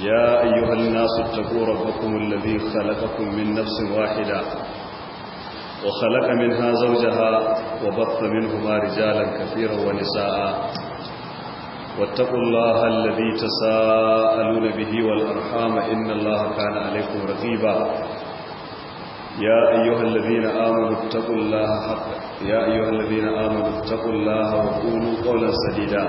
يا أيها الناس اتقوا ربكم الذي خلقكم من نفس واحدة وخلق منها زوجها وبط منهما رجالا كثيرا ونساء واتقوا الله الذي تساءلون به والأرحام إن الله كان عليكم رقيبا يا أيها الذين آمنوا اتقوا الله حقا يا أيها الذين آمنوا اتقوا الله وقولوا قولا سديدا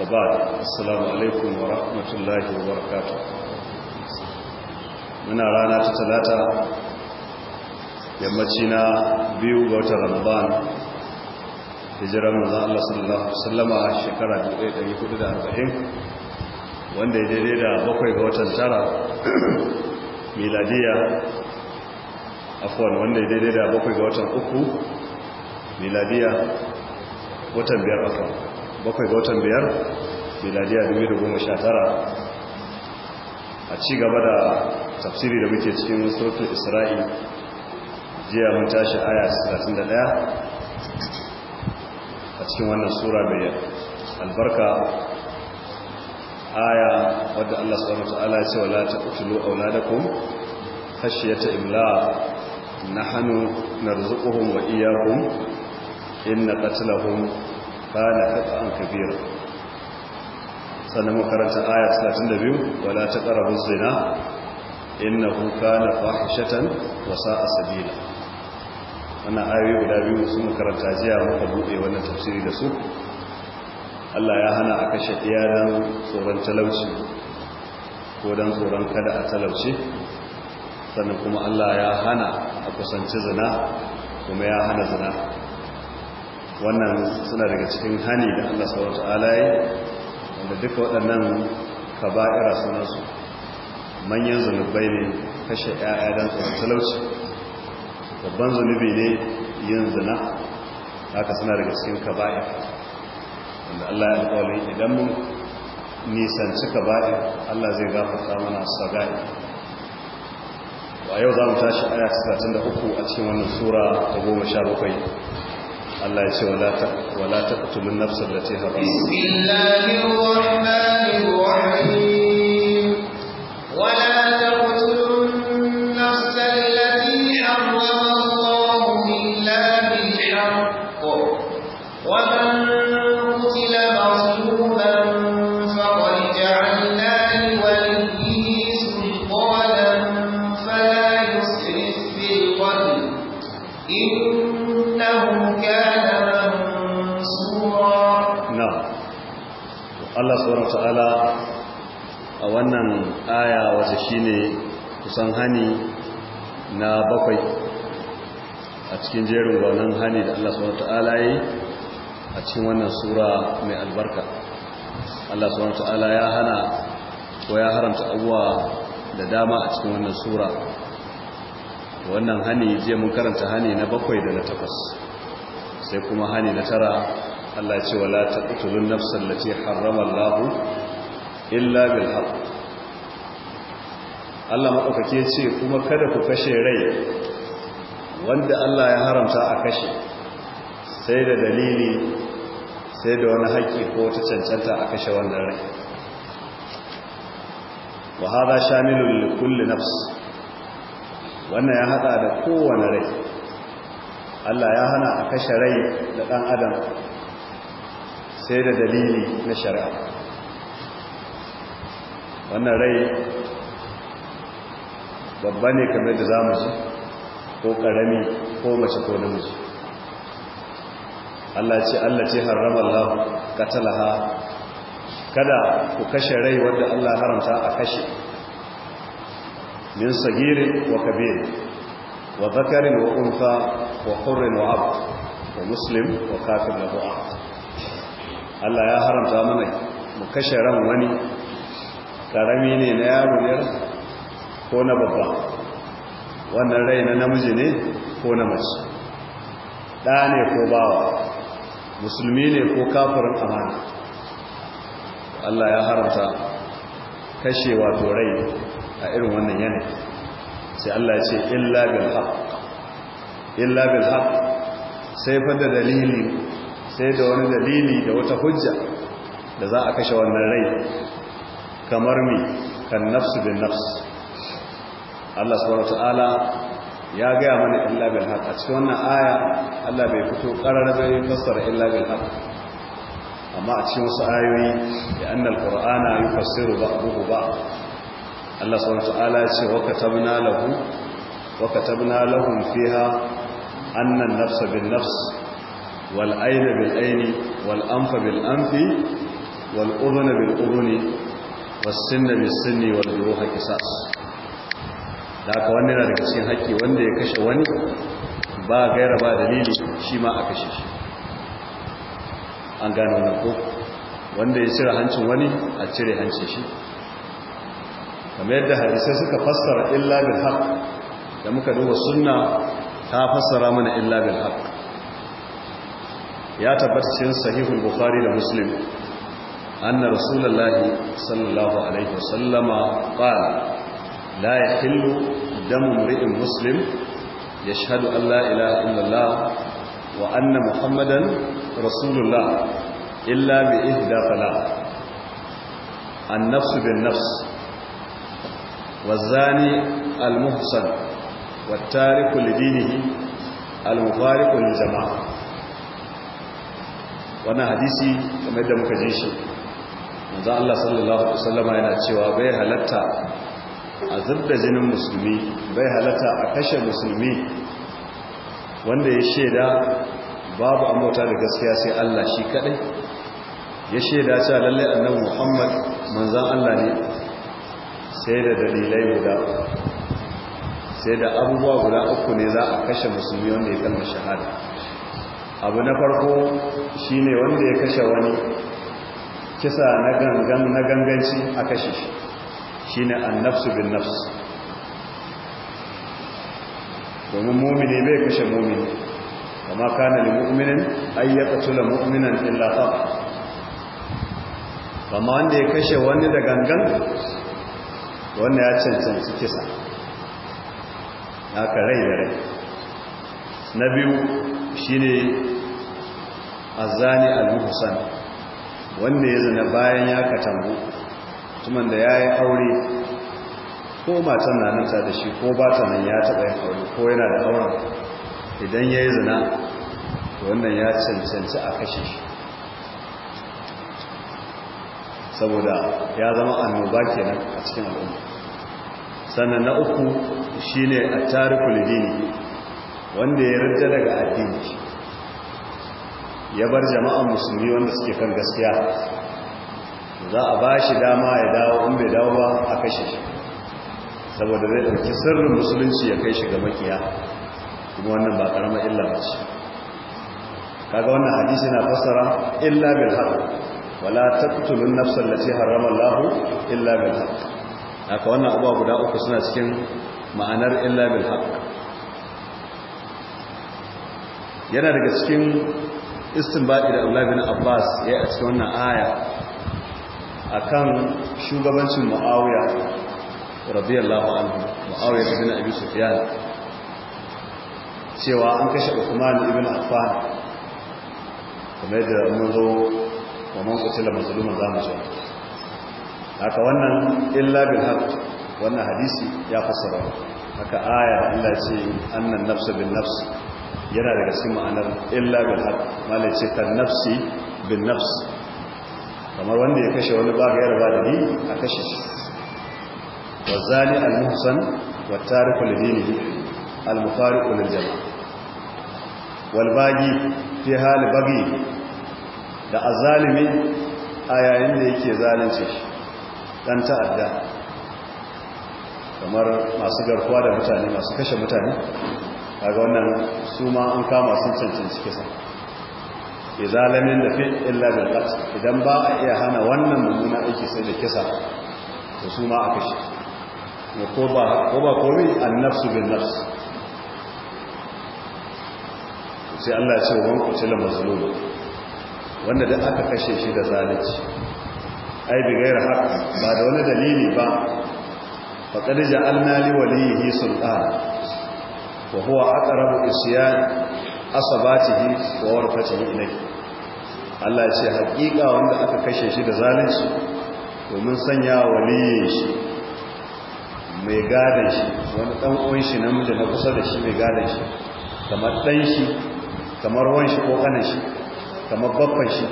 وبعد السلام عليكم ورحمة الله وبركاته من رانا تتلاتة يمتنا بيو غوت رمضان هجر رمضان الله صلى الله عليه وسلم شكرا جئت أن يكون لها أربعين wanda ya daidai da bakwai ga watan tara miladiya afon wanda ya daidai da bakwai ga watan bakwai ga watan biyar miladiyar 2019 a ci gaba da tafsiri da muke cikin sautin isra'i jiya mun tashi aya 31 a cikin wannan sura mai albarka aya wadda Allah subhanahu ta'ala ya ce wala taqtulu auladakum khashyata imla nahnu narzuquhum wa iyyakum inna qatlahum kana qat'an kabira sannan makaranta aya 32 wala taqrabu zina innahu kana fahishatan wa sa'a sabila wannan ayoyi guda biyu sun makaranta jiya muka bude wannan tafsiri da su Allah ya hana a kashe iyalan tsoron talauci ko dan tsoron kada a talauci sannan kuma Allah ya hana a kusanci zina kuma ya hana zina wannan suna daga cikin hani da Allah subhanahu wataala yi wanda duka waɗannan kaba'ira suna su manyan zunubai ne kashe 'ya'ya don tsoron talauci babban zunubi ne yin zina haka suna daga cikin kaba'ir wanda Allah ya alƙawari idan mun nisanci kaba'ir Allah zai gafarta mana saga'i a yau za mu tashi aya 63 a cikin wannan sura ta 17 Allah ya ce wala ta wala ta kutumin nafsar da ce haram bismillahir wala a wannan aya wasu shine kusan hani na bakwai a cikin jerin gwanon hani da Allah subhanahu ta'ala yi a cikin wannan sura mai albarka Allah subhanahu ta'ala ya hana ko ya haramta abuwa da dama a cikin wannan sura wannan hani zai mun karanta hani na bakwai da na takwas sai kuma hani na tara Allah ce wala taqtulun nafsan lati harrama Allah illa bil haqq Allah madaukake ya ce kuma kada ku kashe rai wanda Allah ya haramta a kashe sai da dalili sai da wani haƙƙi ko ta cancanta a kashe wannan rai wa hada shamilul li kulli nafs wannan ya hada da kowane rai Allah ya hana a kashe rai da dan adam sai da dalili na shari'a wannan rai babba ne kamar da za mu su ko ƙarami ko mace ko namiji Allah ce Allah ce harrama Allah katalaha kada ku kashe rai wanda Allah haramta a kashe min sagirin wa kabirin wa zakarin wa unfa wa hurrin wa abd wa muslim wa kafir lahu Allah ya haramta mana mu kashe ran wani karami ne na yaro ne ko na babba wannan rai na namiji ne ko na mace ɗa ne ko bawa musulmi ne ko kafirin amana Allah ya haramta kashe wato rai a irin wannan yanayi sai Allah ce illa bil haq illa bil haq sai fa da dalili sai da wani dalili da wata hujja da za a kashe wannan rai kamar me kan nafsu bin nafs Allah subhanahu wataala ya gaya mana illa bil haqq a cikin wannan aya Allah bai fito karar da ya fassara illa bil haqq amma a cikin wasu ayoyi da annal qur'ana yufassiru ba'dahu ba Allah subhanahu wataala ya ce wa katabna lahu wa katabna lahum fiha anna an-nafs bin nafs wal ayna bil ayni wal anfa bil anfi wal udhna bil udhni wasin da bisinni wal ruha kisas da aka wannan yana daga cikin haƙƙi wanda ya kashe wani ba gaira ba dalili shi ma a kashe shi an gane wannan ko wanda ya cire hancin wani a cire hancin shi kamar yadda hadisai suka fassara illa bil haqq da muka duba sunna ta fassara mana illa bil haqq ya tabbata cikin sahihul bukhari da muslim أن رسول الله صلى الله عليه وسلم قال لا يحل دم امرئ مسلم يشهد أن لا إله إلا الله وأن محمدا رسول الله إلا بإهدى ثلاث النفس بالنفس والزاني المحسن والتارك لدينه المفارق للجماعة wannan hadisi kamar da muka ji shi manzo Allah sallallahu alaihi wasallam yana cewa bai halatta a zubda jinin musulmi bai halatta a kashe musulmi wanda ya sheda babu amota da gaskiya sai Allah shi kadai ya sheda cewa lalle annabi Muhammad manzon Allah ne sai da dalilai guda sai da abubuwa guda uku ne za a kashe musulmi wanda ya kalma shahada abu na farko shine wanda ya kashe wani kisa na gangan na ganganci a kashe shi shine annafsu bin nafs domin mumini bai kashe mumini kama kana lil mu'minin ay yaqtula mu'minan illa khata kama wanda ya kashe wani da gangan wanda ya cancanci kisa haka rai da rai na biyu shine azani al-muhsan wanda ya zina bayan ya katambu tuman da ya yi aure ko matan na nuta da shi ko ba nan ya taɓa yin aure ko yana da auren idan ya yi zina wannan ya cancanci a kashe shi saboda ya zama annoba kenan a cikin al'umma sannan na uku shine a tarikul dini wanda ya rida daga addini ya bar jama'an musulmi wanda suke kan gaskiya za a ba shi dama ya dawo in bai dawo ba a kashe shi saboda zai ɗauki sirrin musulunci ya kai shi ga makiya kuma wannan ba ƙarama illa ba ce kaga wannan hadisi na fassara illa bil haqq wala taqtulun nafsan allati harrama Allah illa bil haq haka wannan abuwa guda uku suna cikin ma'anar illa bil haq yana daga cikin istinbadi da Abdullah bin Abbas ya a cikin wannan aya akan shugabancin Muawiya radiyallahu anhu Muawiya bin Abi Sufyan cewa an kashe Uthman ibn Affan kamar da mun zo kamar kutila mazluman zamu ce haka wannan illa bil haqq wannan hadisi ya fassara haka aya Allah ce annan nafsu bin nafs yana daga gaske ma'anar illa bil haq malai ce kan nafsi bin nafs kamar wanda ya kashe wani ba yar ba dali a kashe shi wa zani al muhsan wa tariku li dinihi al mufariqu lil jama wal bagi fi hal bagi da azalimi a yayin da yake zalunci dan ta'adda kamar masu garkuwa da mutane masu kashe mutane kaga wannan su ma an kama sun cancanci kisa zalamin da yanfi illa bil kasu idan ba a iya hana wannan mummuna aiki sai da kisa da su ma aka shi ko ba ko an nafsu annafsu bin nafs sai Allah ya ce wa ku cila la mazlum wanda da aka kashe shi da zalici ai bi gaira haka ba da wani dalili ba faqad ja'alna li yi sulɗa wa huwa aqrabu isyan asabatihi wa warfatihi ilayhi Allah ce hakika wanda aka kashe shi da zalunci domin sanya waliyin shi mai gadan shi wani dan uwan shi namiji na kusa da shi mai gadan shi kamar dan shi kamar wan shi ko kanan shi kamar babban shi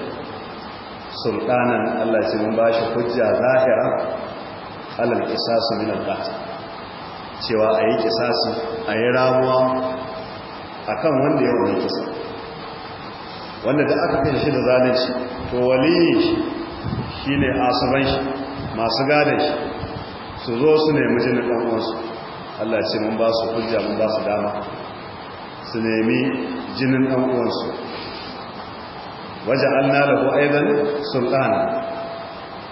sultanan Allah ce mun ba shi hujja zahira alal qisas min al-qatl cewa a yi kisasi a yi ramuwa a kan wanda ya wani kisa wanda da aka fi shi da zalunci to waliyin shi shi ne asuban shi masu gada shi su zo su nemi jinin ɗan'uwansu allah ce mun ba su hujja mun ba su dama su nemi jinin ɗan'uwansu waje an nalabu sun sultana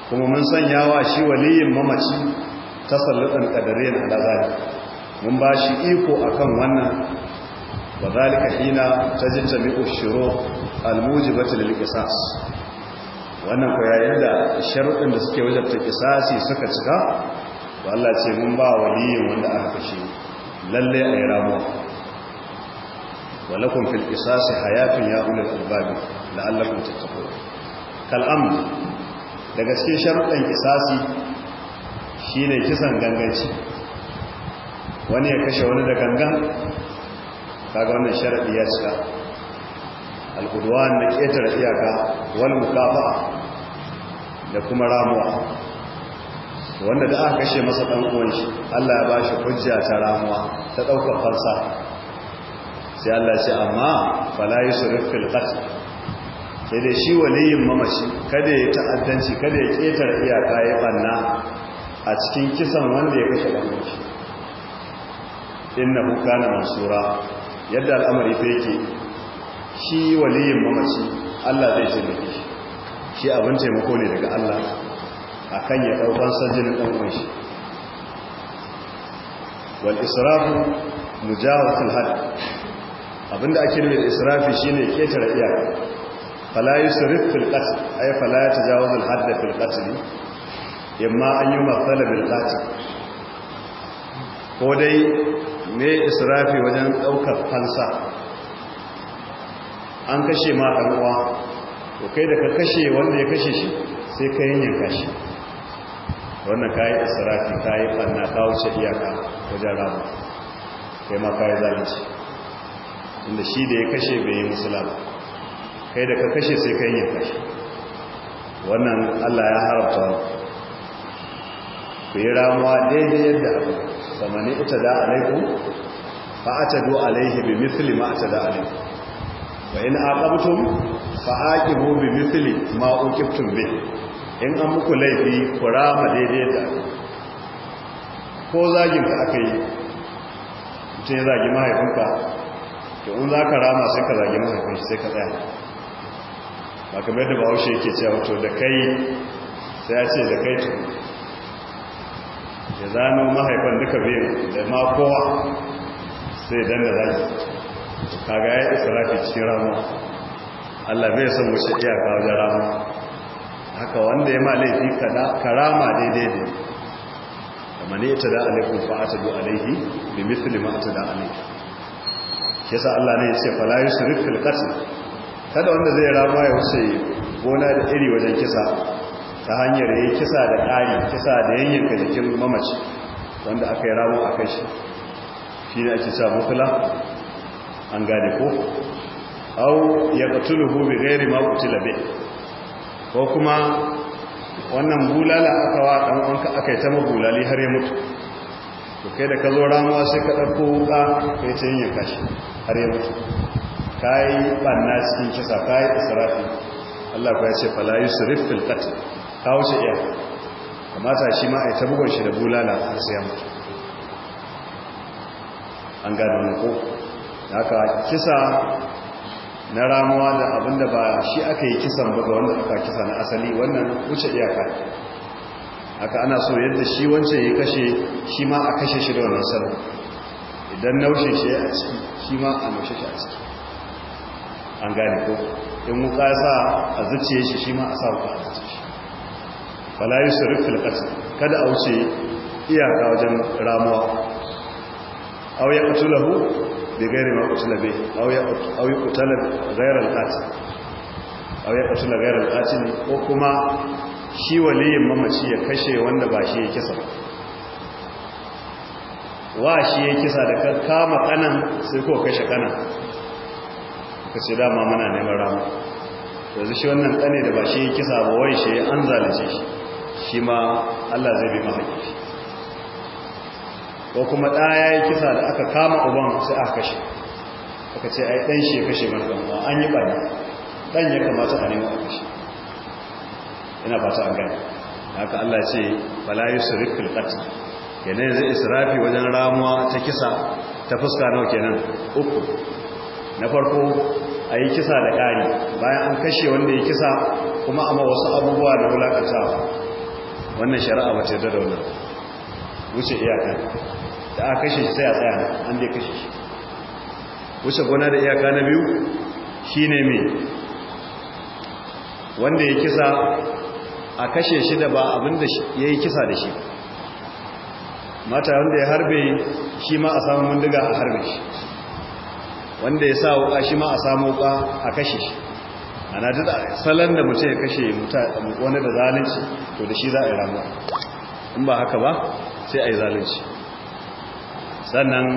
kuma mun sanya wa shi waliyin mamaci tasallukan qadariyyan ala zalik mun ba shi iko akan wannan ba wa zalika hina tajtami'u shuru' al-mujibati lil qisas wannan ku yayin da sharuɗin da suke wajen qisasi suka cika Ba Allah ce mun ba waliyin wanda aka kashe lalle ayi ramuwa ولكم في القصاص حياة يا أولي الألباب لعلكم تتقون Kal'am, daga cikin sharuɗan kisasi Shi ne kisan ganganci wani ya kashe wani da gangan kaga wannan sharaɗi ya cika al na ƙetar iyaka wani mukafa da kuma ramuwa wanda da aka kashe masa ɗan uwanshi, shi Allah ya bashi hujja ta ramuwa ta ɗaukar fansa sai Allah ya ce amma fala su fil qatl sai dai shi waliyin mamaci kada ya ta'addanci kada ya ƙetar iyaka ya banna a cikin kisan wanda ya kashe ɗan shi innahu na masura yadda al'amari fa yake shi waliyin mamaci Allah zai ce mafi shi abin taimako ne daga Allah akan ya daukan sanjinin dan uwan shi wal israfu mujawazatul had abinda ake nufi da israfi shine ketare iyaka fala yusrif fil qatl ay fala yatajawazul hadd fil qatl yamma an yi mafala bilkati ko dai ne israfi wajen daukar fansa an kashe ma uwa to kai da ka kashe wanda ya kashe shi sai ka yin kashi wannan yi israfi kayi ɓanna ka wuce iyaka wajen rama kai ma yi zalunci inda shi da ya kashe bai yi musulama kai da ka kashe sai ka yin kashi wannan allah ya haramta ku yi ramuwa daidai yadda abu sama ne ita da alaiku fa a ta alaihi bi misli ma a ta da alaiku Ba ina in aqabtum fa bu bi misli ma ƙiftun bi in an muku laifi ku rama daidai yadda abu ko zagin ka aka yi mutum ya zagi mahaifinka to in za ka rama sai ka zagi mahaifinka sai ka tsaya ba kamar yadda bahaushe yake cewa to da kai sai a ce da kai tuku ya zano mahaifan duka biyan da ma kowa sai dan da zai kaga ya israfi cikin rama Allah bai san wuce iyaka wajen rama haka wanda ya ma laifi karama daidai ne kamar ya da alaikun da alaihi da mithli ma da alaihi yasa Allah ne ya ce fala su fil qatl kada wanda zai rama ya wuce gona da iri wajen kisa ta hanyar ya yi kisa da ƙari kisa da yanyanka jikin mamaci wanda aka yi ramu a kai shi shi ne ake sa mutula an gane ko au ya batulu hubi gairi ma kutula ko kuma wannan bulala aka wa ɗan wanka aka yi ta mabulali har ya mutu ko kai da ka zo ramuwa sai ka ɗauko wuka kai ta yanyanka shi har ya mutu ka yi ɓanna cikin kisa ka yi isra'i Allah ya ce fala su fil qatl ta wuce iya kamata shi ma a yi ta bugon shi da bulala a siya mutu an gada na ko aka kisa na ramuwa da abinda ba shi aka yi kisan ba ga wanda aka kisa na asali wannan wuce iyaka haka ana so yadda shi wancan ya kashe shi ma a kashe shi da wannan sanar idan naushe shi a ciki shi ma a naushe shi a ciki an gane ko in wuka ya sa a zuciye shi shi ma a sa wuka a ciki falayi su fil qatl kada a wuce iyaka wajen ramuwa aw ya lahu da gairi ma qutila bi aw ya aw yuqtala gairar al qatil aw ƙutu qatila gairar al ne ko kuma shi waliyin mamaci ya kashe wanda ba shi ya kisa wa shi ya kisa da kama kanan sai ko kashe kanan ka ce dama muna neman rama yanzu shi wannan kane da ba shi ya kisa ba wai shi an zalace shi shi ma Allah zai bi masa ko kuma ɗaya ya yi kisa da aka kama uban sai aka kashe aka ce ai ɗan shi ya kashe mai ɗan an yi ɓari ɗan ya kamata a nemo a kashe ina ba an gani haka Allah ce bala yi rikul filkati kenan zai israfi wajen ramuwa ta kisa ta fuska nau kenan uku na farko a yi kisa da ƙari bayan an kashe wanda ya kisa kuma amma wasu abubuwa da wulaƙanta. wannan shari'a ba da wannan wuce iyaka da aka kashe shi sai a tsaya an dai kashe shi wuce gona da iyaka na biyu shi ne me wanda ya kisa a kashe shi da ba abin da ya yi kisa da shi mata wanda ya harbe shi ma a samun mundiga a harbe shi wanda ya sa wuka shi ma a samu wuka a kashe shi ana duk salon da mace ya kashe wani da zalunci to da shi za a yi ramuwa in ba haka ba sai a yi zalunci sannan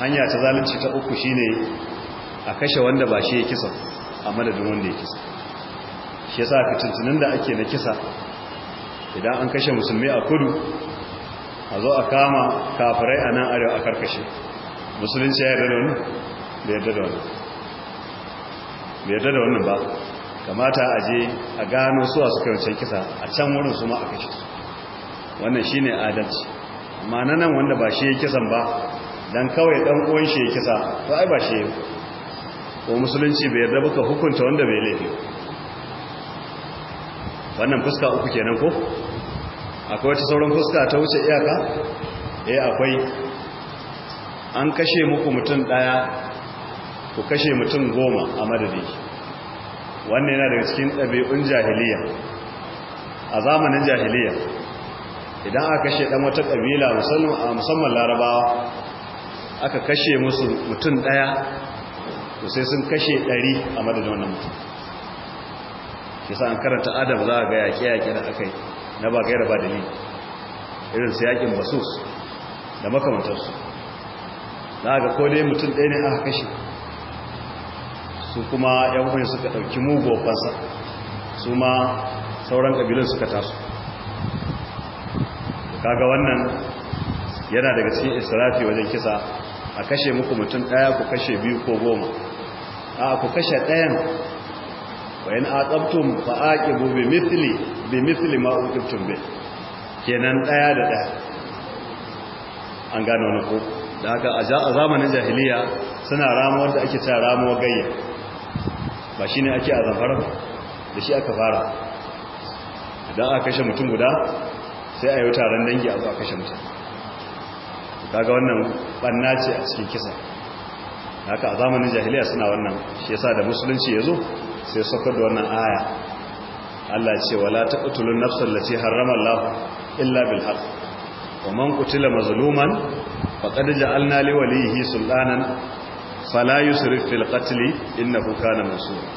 hanya ta zalunci ta uku shine a kashe wanda ba shi ya kisa a madadin wanda ya kisa shi ya yasa fitintunin da ake na kisa idan an kashe musulmi a kudu a zo a kama kafirai a nan arewa a karkashe musulunci ya yarda da wani yarda da wannan ba kamata a je a gano a suka wuce kisa a can wurin su ma a kashe wannan shi ne adalci amma na nan wanda ba shi ya kisan ba don kawai dan uwan shi ya kisa to ai ba shi ko musulunci bai yarda buka hukunta wanda bai laifi wannan fuska uku kenan ko akwai wata sauran fuska ta wuce iyaka eh akwai an kashe muku mutum daya ku kashe mutum goma a madadi wannan yana daga cikin ɗabi'un jahiliya a zamanin jahiliya idan aka kashe ɗan wata ƙabila musamman larabawa aka kashe musu mutum ɗaya to sai sun kashe ɗari a madadin wannan mutum kisa an karanta adam za a ga yaƙe-yaƙe da aka yi na ba gaira ba dalili irin su yaƙin basus da makamantarsu za a ga kodai mutum ɗaya ne aka kashe su kuma yan uwan suka dauki mugo fasa su ma sauran kabilun suka taso kaga wannan yana daga cikin israfi wajen kisa a kashe muku mutum daya ku kashe biyu ko goma a ku kashe dayan wa in aqabtum fa aqibu bi mithli bi mithli ma uqibtum bi kenan daya da daya an gano na ko da haka a zamanin jahiliya suna ramuwar da ake ta ramuwar gayya ba shi ne ake a zamfara da shi aka fara idan aka kashe mutum guda sai a yi taron dangi a zo a kashe mutum kaga wannan banna ce a cikin kisa haka a zamanin jahiliya suna wannan shi yasa da musulunci ya zo sai saukar da wannan aya Allah ce wala taqtulun nafsal lati harrama Allah illa bil haqq wa man qutila mazluman faqad ja'alna li walihi sultanan fala yusrif fil qatl innahu kana masura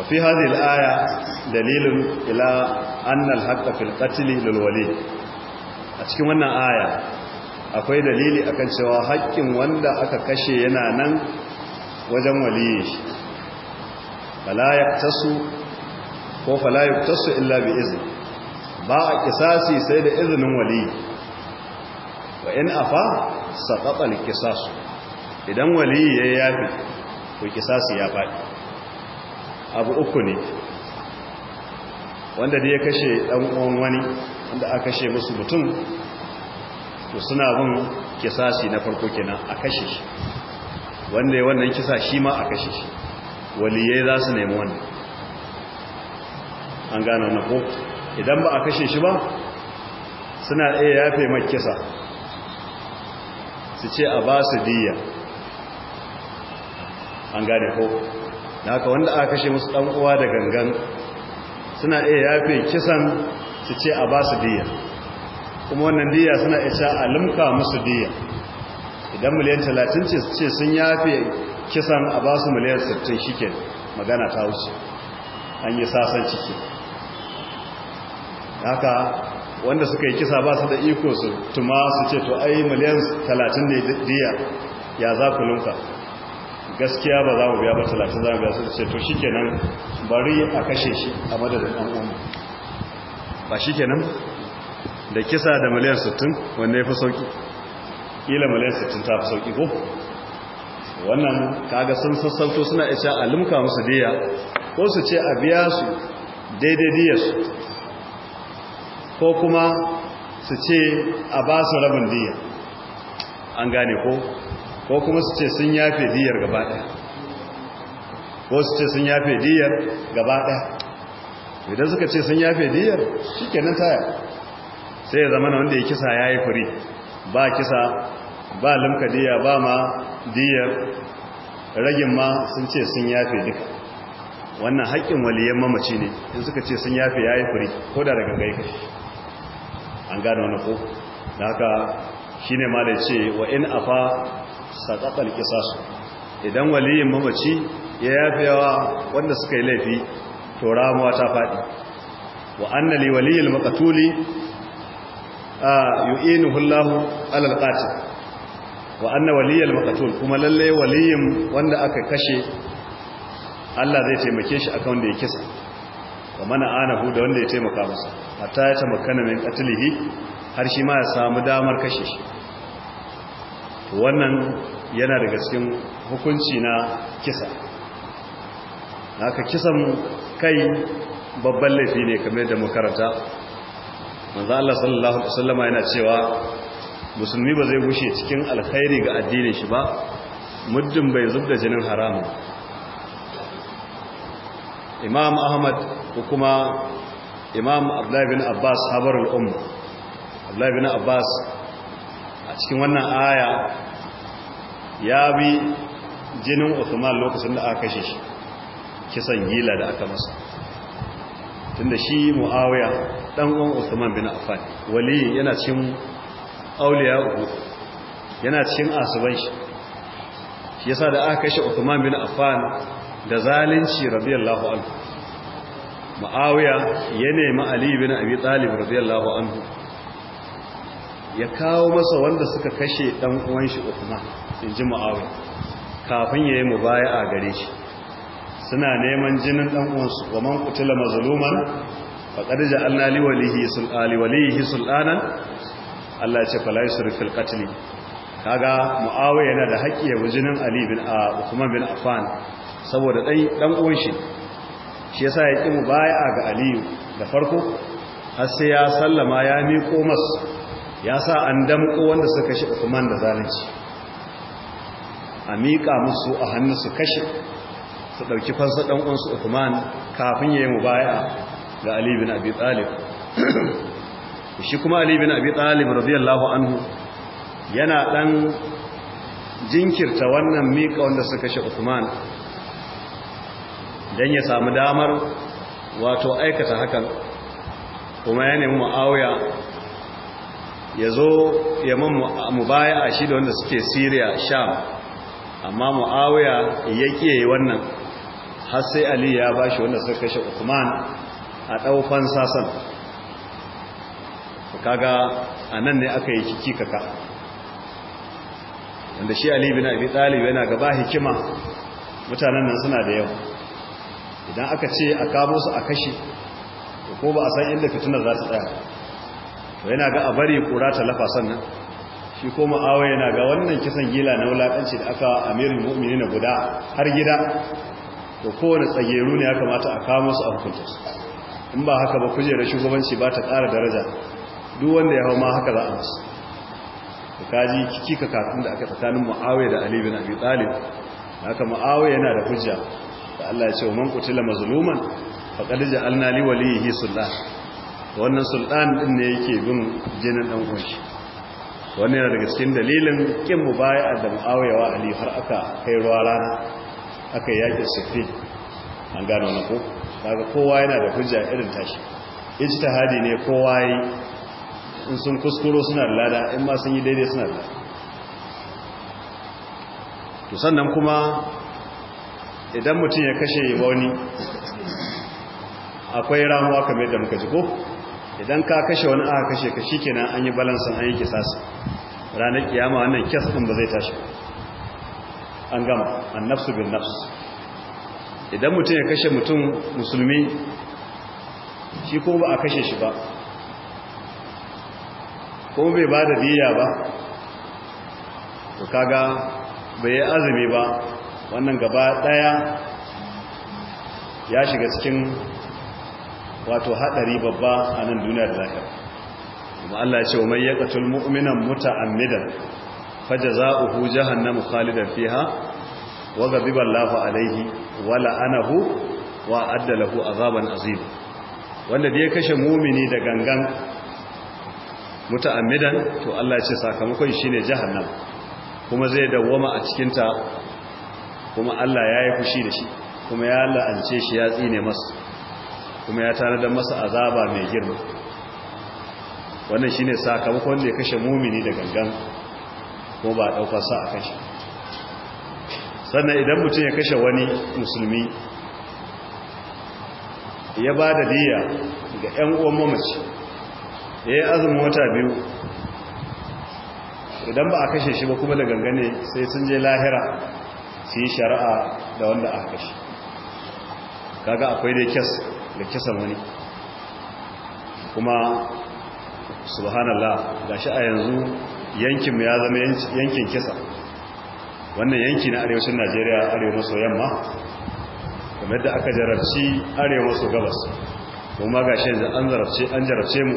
wa fi hadhihi al-aya dalilun ila anna al-haqqa fil qatl lil wali a cikin wannan aya akwai dalili akan cewa haƙƙin wanda aka kashe yana nan wajen wali waliyi fala yaqtasu ko fala yaqtasu illa bi izni ba a kisasi sai da izinin wali. wa in afa saqatal kisasu. idan waliyi ya yafi to kisasu ya fadi abu uku ne wanda da ya kashe dan uwan wani wanda aka kashe musu mutum to suna bin kisasi na farko kenan a kashe shi wanda ya wannan kisa shi ma a kashe shi waliye za su nemi wannan an gane na ko idan ba a kashe shi ba suna iya yafe mai kisa su ce a ba su diya an gane ko da haka wanda aka kashe musu dan uwa da gangan suna iya yafe kisan su ce a ba su diya kuma wannan diya suna iya a limka musu diya idan miliyan talatin ce su ce sun yafe kisan a ba su miliyan sittin shiken magana ta wuce an yi sasan ciki haka wanda suka yi kisa ba su da iko su tuma su ce to ai miliyan 30 ne diya ya za ku lunka gaskiya ba za mu biya ba 30 za mu biya su ce to shi kenan bari a kashe shi a madadin ɗan uwan ba kenan da kisa da miliyan 60 wanda ya fi sauki ila miliyan 60 ta fi sauki ko wannan kaga sun sassauto suna isa a limka musu diya ko su ce a biya su daidai su? ko kuma su ce a ba su rabin diya an gane ko ko kuma su ce sun yafe diyar gaba ɗaya ko su ce sun yafe diyar gaba ɗaya idan suka ce sun yafe diyar shi kenan taya sai ya zama na wanda ya kisa ya yi furi ba kisa ba limka diya ba ma diyar ragin ma sun ce sun yafe duka wannan haƙƙin waliyan mamaci ne in suka ce sun yafe ya yi furi ko da daga gaikashi an gane wani ko da haka shi ne ma da ce wa in a fa saƙaƙar kisasu idan waliyin mamaci ya yafi yawa wanda suka yi laifi to ramuwa ta faɗi wa annali waliyin makatuli a yu'inuhu Allah alal wa anna waliyin kuma lallai waliyin wanda aka kashe Allah zai taimake shi kan da ya kisa wa mana anahu da wanda ya taimaka masa hatta ya tamakana min qatlihi har shi ma ya samu damar kashe shi to wannan yana daga cikin hukunci na kisa haka kisan kai babban laifi ne kamar da makaranta manzo Allah sallallahu alaihi wasallama yana cewa musulmi ba zai gushe cikin alkhairi ga addinin shi ba muddin bai zubda jinin haramun imam ahmad ko kuma imam abdullahi bin abbas habar al'umma abdullahi bin abbas a cikin wannan aya ya bi jinin uthman lokacin da aka kashe shi kisan gila da aka masa tunda shi muawiya dan uwan uthman bin affan wali yana cikin auliya uku yana cikin asuban shi yasa da aka kashe uthman bin affan da zalunci radiyallahu anhu ma'awiya ya nemi ali bin abi talib radiyallahu anhu ya kawo masa wanda suka kashe dan uwan shi Uthman inji Muawiya kafin yayi mubaya'a gare shi suna neman jinin dan uwan su wa man qutila mazluman faqad ja'alna li walihi sulali walihi sulanan Allah ya ce fala yusri fil qatl kaga Muawiya yana da haƙƙi ya jinin Ali bin Uthman bin Affan saboda dai dan uwan shi shi yasa ya ki baya ga aliyu da farko har sai ya sallama ya miƙo mas ya sa an damƙo wanda suka kashe Usman da zalunci a miƙa musu a hannu su kashe su ɗauki fansa ɗan uwansu Usman kafin ya yi baya ga Ali bin Abi Talib shi kuma Ali bin Abi Talib radiyallahu anhu yana ɗan jinkirta wannan miƙa wanda suka kashe Uthman don ya samu damar wato aikata hakan kuma ya nemi ma'auya ya zo ya mu baya a shi da wanda suke siriya sha amma ma'auya ya kiye wannan har sai ali ya ba shi wanda suka kashe usman a sassan. sasan kaga a nan ne aka yi kaka wanda shi ali bin abi talib yana gaba hikima mutanen nan suna da yawa idan aka ce a kamo su a kashe ko ba a san inda fitinar za ta tsaya to yana ga a bari kura ta lafa sannan shi ko ma'awa yana ga wannan kisan gila na wulaƙanci da aka amirin mu'mini na guda har gida to kowane tsageru ne ya kamata a kamo su a hukunta su in ba haka ba kujerar shugabanci ba ta ƙara daraja duk wanda ya hau ma haka za a masu ka kaji kika kafin da aka tsakanin ma'awa da ali bin abi talib haka ma'awa yana da hujja da Allah ya ce man kutila mazluman faqad ja'alna li walihi sultan wannan sultan din ne yake bin jinin dan shi wannan yana daga cikin dalilin kin mubaya'a da muawiyawa ali har aka kai ruwa rana aka yaki sufi an gano na ko kaga kowa yana da hujja irin tashi ijtihadi ne kowa yi in sun kuskuro suna da lada in ma sun yi daidai suna da lada to sannan kuma idan mutum ya kashe wani akwai ramuwa kamar da muka ji ko idan ka kashe wani aka kashe ka shi kenan an yi balansan an yi kisasa ranar kiyama wannan kyas ɗin ba zai tashi an gama an nafsu bin nafsu idan mutum ya kashe mutum musulmi shi ko ba a kashe shi ba ko bai ba da biya ba to kaga bai yi azumi ba wannan gaba daya ya shiga cikin wato hadari babba a nan duniya da kuma Allah ya ce wa man yaqtul mu'mina muta'ammidan fajaza'uhu jahannamu khalidan fiha wa ghadiba Allahu alayhi wa la'anahu wa adda lahu azaban azim wanda da ya kashe mumini da gangan muta'ammidan to Allah ya ce sakamakon shine jahannam kuma zai dawwama a cikin ta kuma Allah ya yi fushi da shi kuma ya la'ance shi ya tsine masa kuma ya tanadar masa azaba mai girma wannan shi ne sakamakon da ya kashe mumini da gangan ko ba daukar sa a kashe sannan idan mutum ya kashe wani musulmi ya ba da diya ga 'yan uwan mamaci ya yi azumin wata biyu idan ba a kashe shi ba kuma da gangane sai sun je lahira su yi shari'a da wanda aka kashi kaga akwai dai kes da kesan wani kuma subhanallah gashi a yanzu yankinmu ya zama yankin kisa wannan yanki na arewacin najeriya arewa maso yamma kamar da aka jarabci arewa maso gabas kuma gashi yanzu an jarabce mu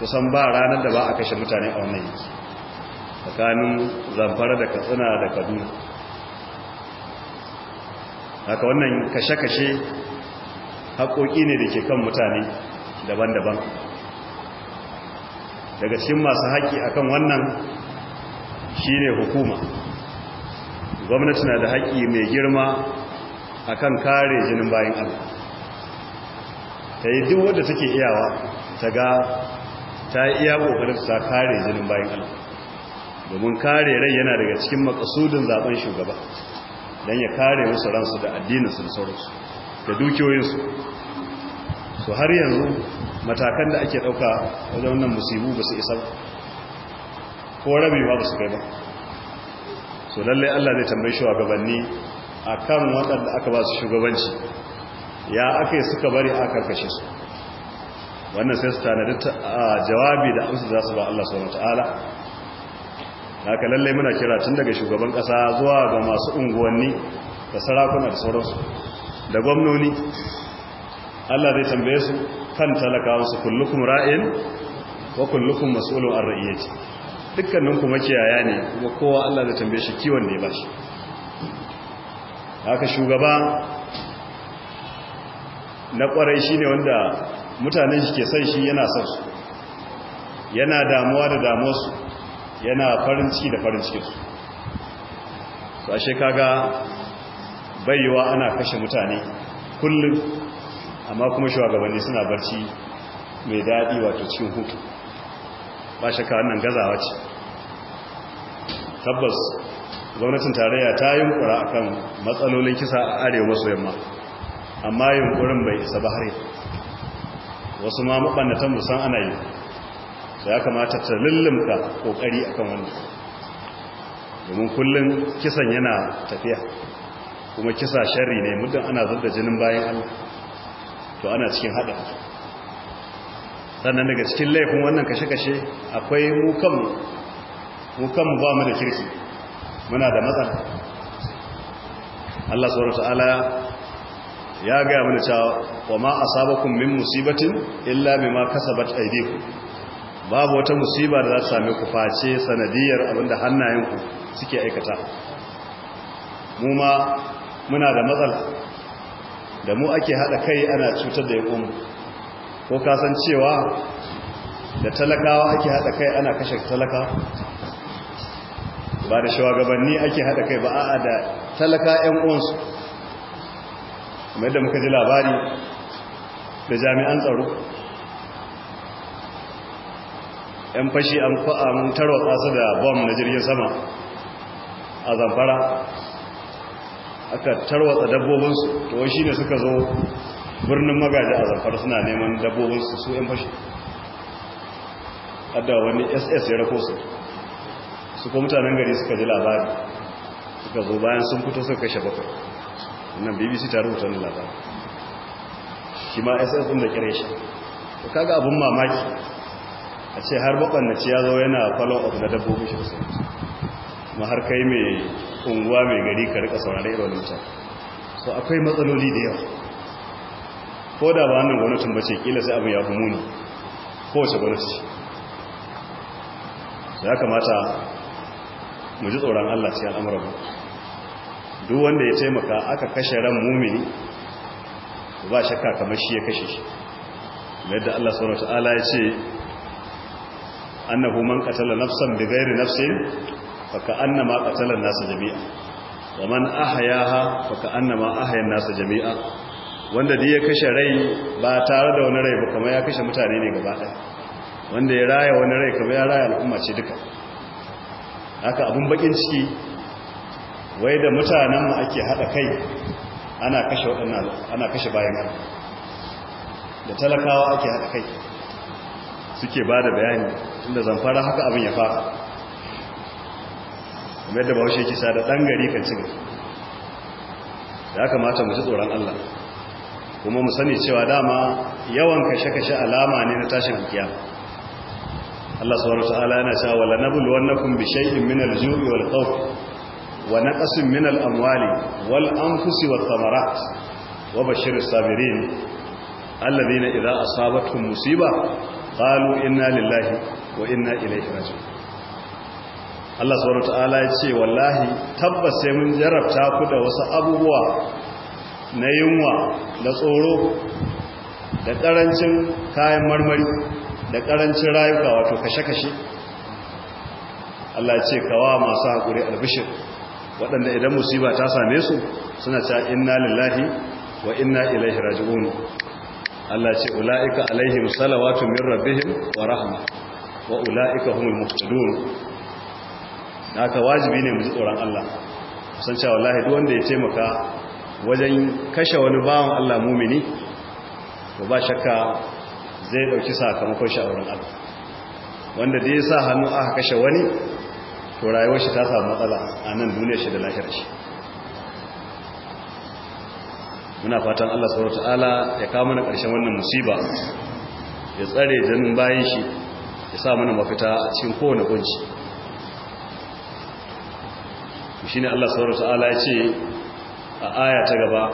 kusan ba ranar da ba a kashe mutane a wannan yanki tsakanin zamfara da katsina da kaduna haka wannan kashe-kashe haƙoƙi ne da ke kan mutane daban-daban daga cikin masu haƙi a kan wannan shi ne hukuma gwamnati na da haƙi mai girma akan kare jinin bayan abu ta yi duk wadda take iyawa ta ga ta yi iya ƙoƙarin ta kare jinin bayan abu domin kare rai yana daga cikin makasudin zaɓen shugaba don ya kare musu ransu da addininsu da sauransu da dukiyoyinsu su har yanzu matakan da ake ɗauka wajen wannan musibu ba su isa ko rabi ba ba su kai ba so lallai allah zai tambayi shugabanni a kan waɗanda aka ba su shugabanci ya aka yi suka bari a karkashe su wannan sai su tanadi jawabi da amsa za su ba allah sau ta'ala haka lallai muna kira tun daga shugaban kasa zuwa ga masu unguwanni da sarakuna da sauransu da gwamnoni Allah zai tambaye su kan talakawa su kullukum ra'in wa kullukum mas'ulun an ra'iyati dukkanin ku makiyaya ne kuma kowa Allah zai tambaye shi kiwon ne ba shi haka shugaba na kwarai shine wanda mutanen shi ke son shi yana son su yana damuwa da damuwarsu yana farin ciki da farin ciki su sashe kaga bayyawa ana kashe mutane kullum amma kuma shugabanni suna barci mai daɗi wato cikin hutu ba shakka wannan gazawa ce tabbas gwamnatin tarayya ta yi mukura akan matsalolin kisa a arewa maso yamma amma kurin bai isa ba har wasu ma mabannatan musan ana yi ya kamata ta lullumka kokari akan wani domin kullum kisan yana tafiya kuma kisa shari ne muddin ana zubda jinin bayan Allah to ana cikin haɗa. sannan daga cikin laifin wannan kashe-kashe akwai mu ba mu da kirki muna da matsala Allah subhanahu ta'ala ya gaya mana cewa wa ma asabakum min musibatin illa kasa bat aidiku babu wata musiba da za ta same ku face sanadiyar abinda hannayenku suke aikata mu ma muna da matsala da mu ake hada kai ana cutar da yaƙonmu ko kasan cewa da talakawa ake hada kai ana kashe talaka ba da shawagabanni ake hada kai ba a da talaka 'yan uwansu kuma yadda muka ji labari da jami'an tsaro yan fashi an tarwa tarwatsa su da bom na jirgin sama a zamfara aka tarwatsa dabbobinsu to shi ne suka zo birnin magaji a zamfara suna neman dabbobinsu su yan fashi adda wani ss ya rako su su ko mutanen gari suka ji labari suka zo bayan sun fito suka kashe bakwai wannan bbc ta rubuta ni labari shi ma ss din da kire shi to kaga abun mamaki a ce har maɓannaci ya zo yana falon of na dabbobi shi su ma har kai mai unguwa mai gari ka rika saurari irin wancan so akwai matsaloli da yawa ko da ba wannan gwamnatin ce kila sai abu ya fi muni ko kowace gwamnati ya kamata mu ji tsoron Allah sai al'amuran duk wanda ya taimaka aka kashe ran mumini ba shakka kamar shi ya kashe shi yadda Allah subhanahu ta'ala ya ce annahu man qatala nafsan bighairi nafsin fa ka'annama qatala an-nas jami'a wa man ahyaha fa ka'annama ahya an-nas jami'a wanda da ya kashe rai ba tare da wani rai ba kuma ya kashe mutane ne gaba ɗaya wanda ya raya wani rai kuma ya raya al'umma ce duka haka abun bakin ciki wai da mutanen mu ake hada kai ana kashe waɗannan ana kashe bayan al'umma da talakawa ake hada kai suke bada bayani tunda zamfara haka abin ya fara kuma yadda ba shi kisa da ɗan gari kan cin ya kamata mu tsoron Allah kuma mu sani cewa dama yawan kashe-kashe alama ne na tashin hankiya Allah subhanahu wataala yana cewa wala kun bi shay'in min al wal khawf wa naqsin min al-amwali wal anfusi wat thamarat wa bashshir as-sabirin alladhina idha asabatuhum musiba qalu inna lillahi wa inna ilaihi Allah subhanahu ta'ala ya ce wallahi tabbas sai mun jarabta ku da wasu abubuwa na yunwa da tsoro da karancin kayan marmari da karancin rayuka wato kashe-kashe Allah ce kawa masu haƙuri albishir waɗanda idan musiba ta same su suna cewa inna lillahi wa inna ilaihi raji'un Allah ce ula'ika alaihim salawatu min rabbihim wa rahma wa ula'ika humul muhtadun haka wajibi ne mu ji tsoron Allah san cewa wallahi duk wanda ya taimaka wajen kashe wani bawan Allah mumini to ba shakka zai dauki sakamakon shawarar Allah wanda da ya sa hannu aka kashe wani to rayuwar shi ta samu matsala a nan duniyar shi da lafiyar shi muna fatan Allah subhanahu ta'ala ya kawo mana ƙarshen wannan musiba ya tsare janin bayan shi ya sa mana mafita a cikin kowane kunci ne Allah subhanahu ta'ala ya ce a aya ta gaba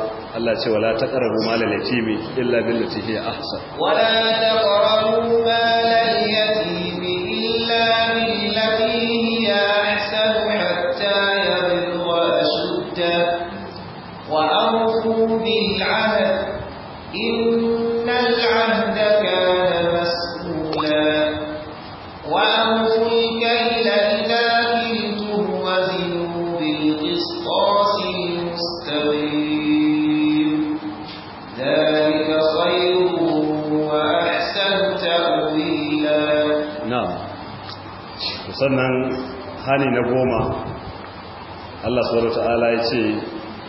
Allah ce wala ta taqrabu malal yatimi illa billati hiya ahsan wala ƙararru sannan hani na goma Allah subhanahu ta'ala ya ce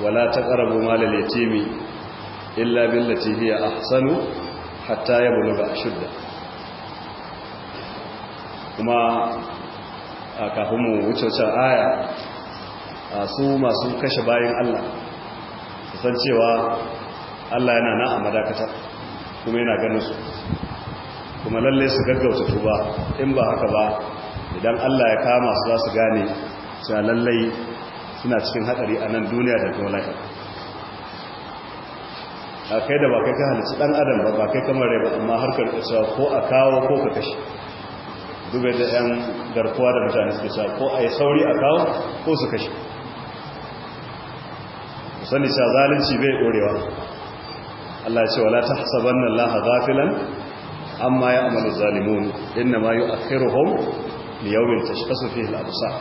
wala taqrabu malal yatimi illa biya a sanu, hatta ya bulu yablugha shudda. kuma a kafin mu wuce wacce aya su masu kashe bayan Allah san cewa Allah yana na a madakata kuma yana ganin su kuma lalle su gaggauta tuba in ba haka ba idan Allah ya kama su za su gane cewa lallai suna cikin haɗari a nan duniya da kuma lahira a kai da ba kai ka halittu dan adam ba kai kamar rai ba amma harkar cewa ko a kawo ko ka kashe dubai da yan garkuwa da mutane suke cewa ko a yi sauri a kawo ko su kashe sani cewa zalunci bai ɗorewa Allah ce wala tahsabanna laha zafilan amma ya'malu zalimun inma yu'akhiruhum liyawin tashkasu fi al-absar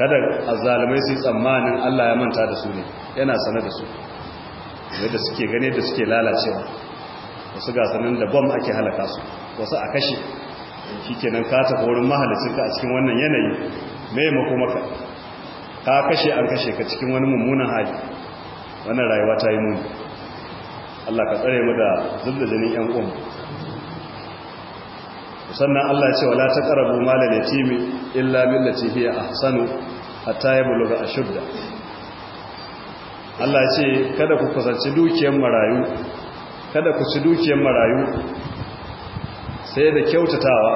kada azzalimai su tsammanin Allah ya manta da su ne yana sane da su yadda suke gane da suke lalacewa wasu gasanin da bom ake halaka su wasu a kashe shikenan ka tafi wurin mahalicinka a cikin wannan yanayi me makomaka ka kashe an kashe ka cikin wani mummunan hali wannan rayuwa ta yi muni Allah ka tsare mu da zubda jinin yan uwan sannan Allah ya ce wala karabu mala timi illa billati hiya ahsanu hatta ga ashudda Allah ya ce kada ku kusanci dukiyar marayu kada ku ci dukiyar marayu sai da kyautatawa